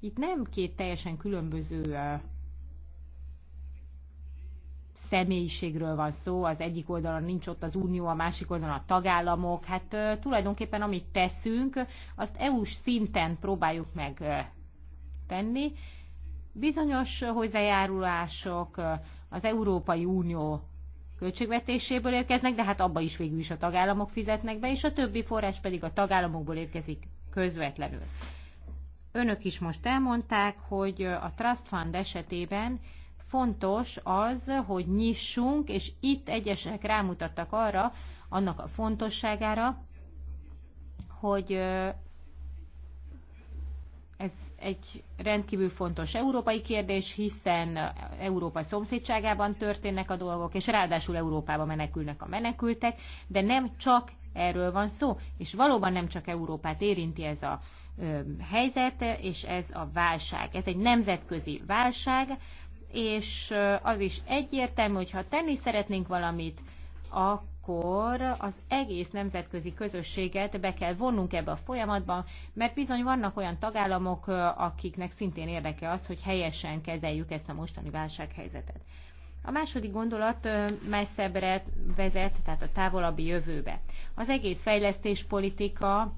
itt nem két teljesen különböző személyiségről van szó, az egyik oldalon nincs ott az unió, a másik oldalon a tagállamok. Hát tulajdonképpen amit teszünk, azt EU-s szinten próbáljuk meg tenni, Bizonyos hozzájárulások az Európai Unió költségvetéséből érkeznek, de hát abba is végül is a tagállamok fizetnek be, és a többi forrás pedig a tagállamokból érkezik közvetlenül. Önök is most elmondták, hogy a Trust Fund esetében fontos az, hogy nyissunk, és itt egyesek rámutattak arra, annak a fontosságára, hogy egy rendkívül fontos európai kérdés, hiszen Európa szomszédságában történnek a dolgok, és ráadásul Európába menekülnek a menekültek, de nem csak erről van szó, és valóban nem csak Európát érinti ez a ö, helyzet, és ez a válság. Ez egy nemzetközi válság, és az is egyértelmű, hogy ha tenni szeretnénk valamit, akkor akkor az egész nemzetközi közösséget be kell vonnunk ebbe a folyamatba, mert bizony vannak olyan tagállamok, akiknek szintén érdeke az, hogy helyesen kezeljük ezt a mostani válsághelyzetet. A második gondolat messzebbre vezet, tehát a távolabbi jövőbe. Az egész fejlesztéspolitika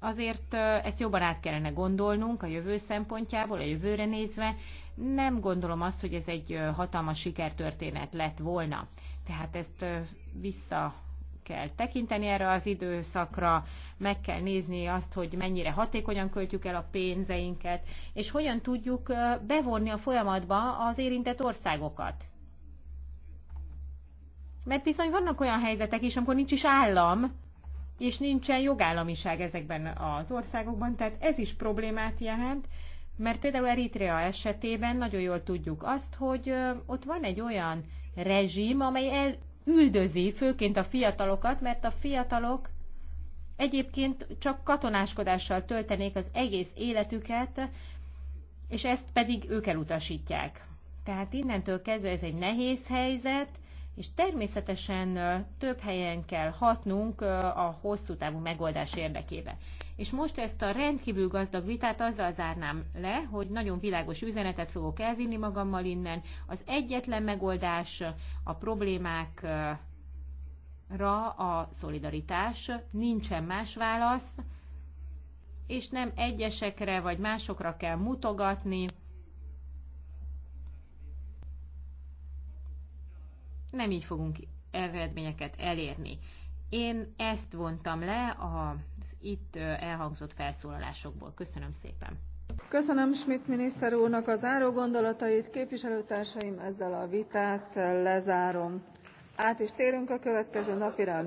azért ezt jobban át kellene gondolnunk a jövő szempontjából, a jövőre nézve. Nem gondolom azt, hogy ez egy hatalmas sikertörténet lett volna. Tehát ezt vissza kell tekinteni erre az időszakra, meg kell nézni azt, hogy mennyire hatékonyan költjük el a pénzeinket, és hogyan tudjuk bevonni a folyamatba az érintett országokat. Mert bizony vannak olyan helyzetek is, amikor nincs is állam, és nincsen jogállamiság ezekben az országokban, tehát ez is problémát jelent, mert például Eritrea esetében nagyon jól tudjuk azt, hogy ott van egy olyan rezsim, amely elüldözi főként a fiatalokat, mert a fiatalok egyébként csak katonáskodással töltenék az egész életüket, és ezt pedig ők elutasítják. Tehát innentől kezdve ez egy nehéz helyzet, és természetesen több helyen kell hatnunk a hosszú távú megoldás érdekében. És most ezt a rendkívül gazdag vitát azzal zárnám le, hogy nagyon világos üzenetet fogok elvinni magammal innen. Az egyetlen megoldás a problémákra a szolidaritás, nincsen más válasz, és nem egyesekre vagy másokra kell mutogatni. Nem így fogunk eredményeket elérni. Én ezt vontam le a itt elhangzott felszólalásokból. Köszönöm szépen! Köszönöm Schmidt miniszter úrnak az záró gondolatait, képviselőtársaim, ezzel a vitát lezárom. Át is térünk a következő napirendi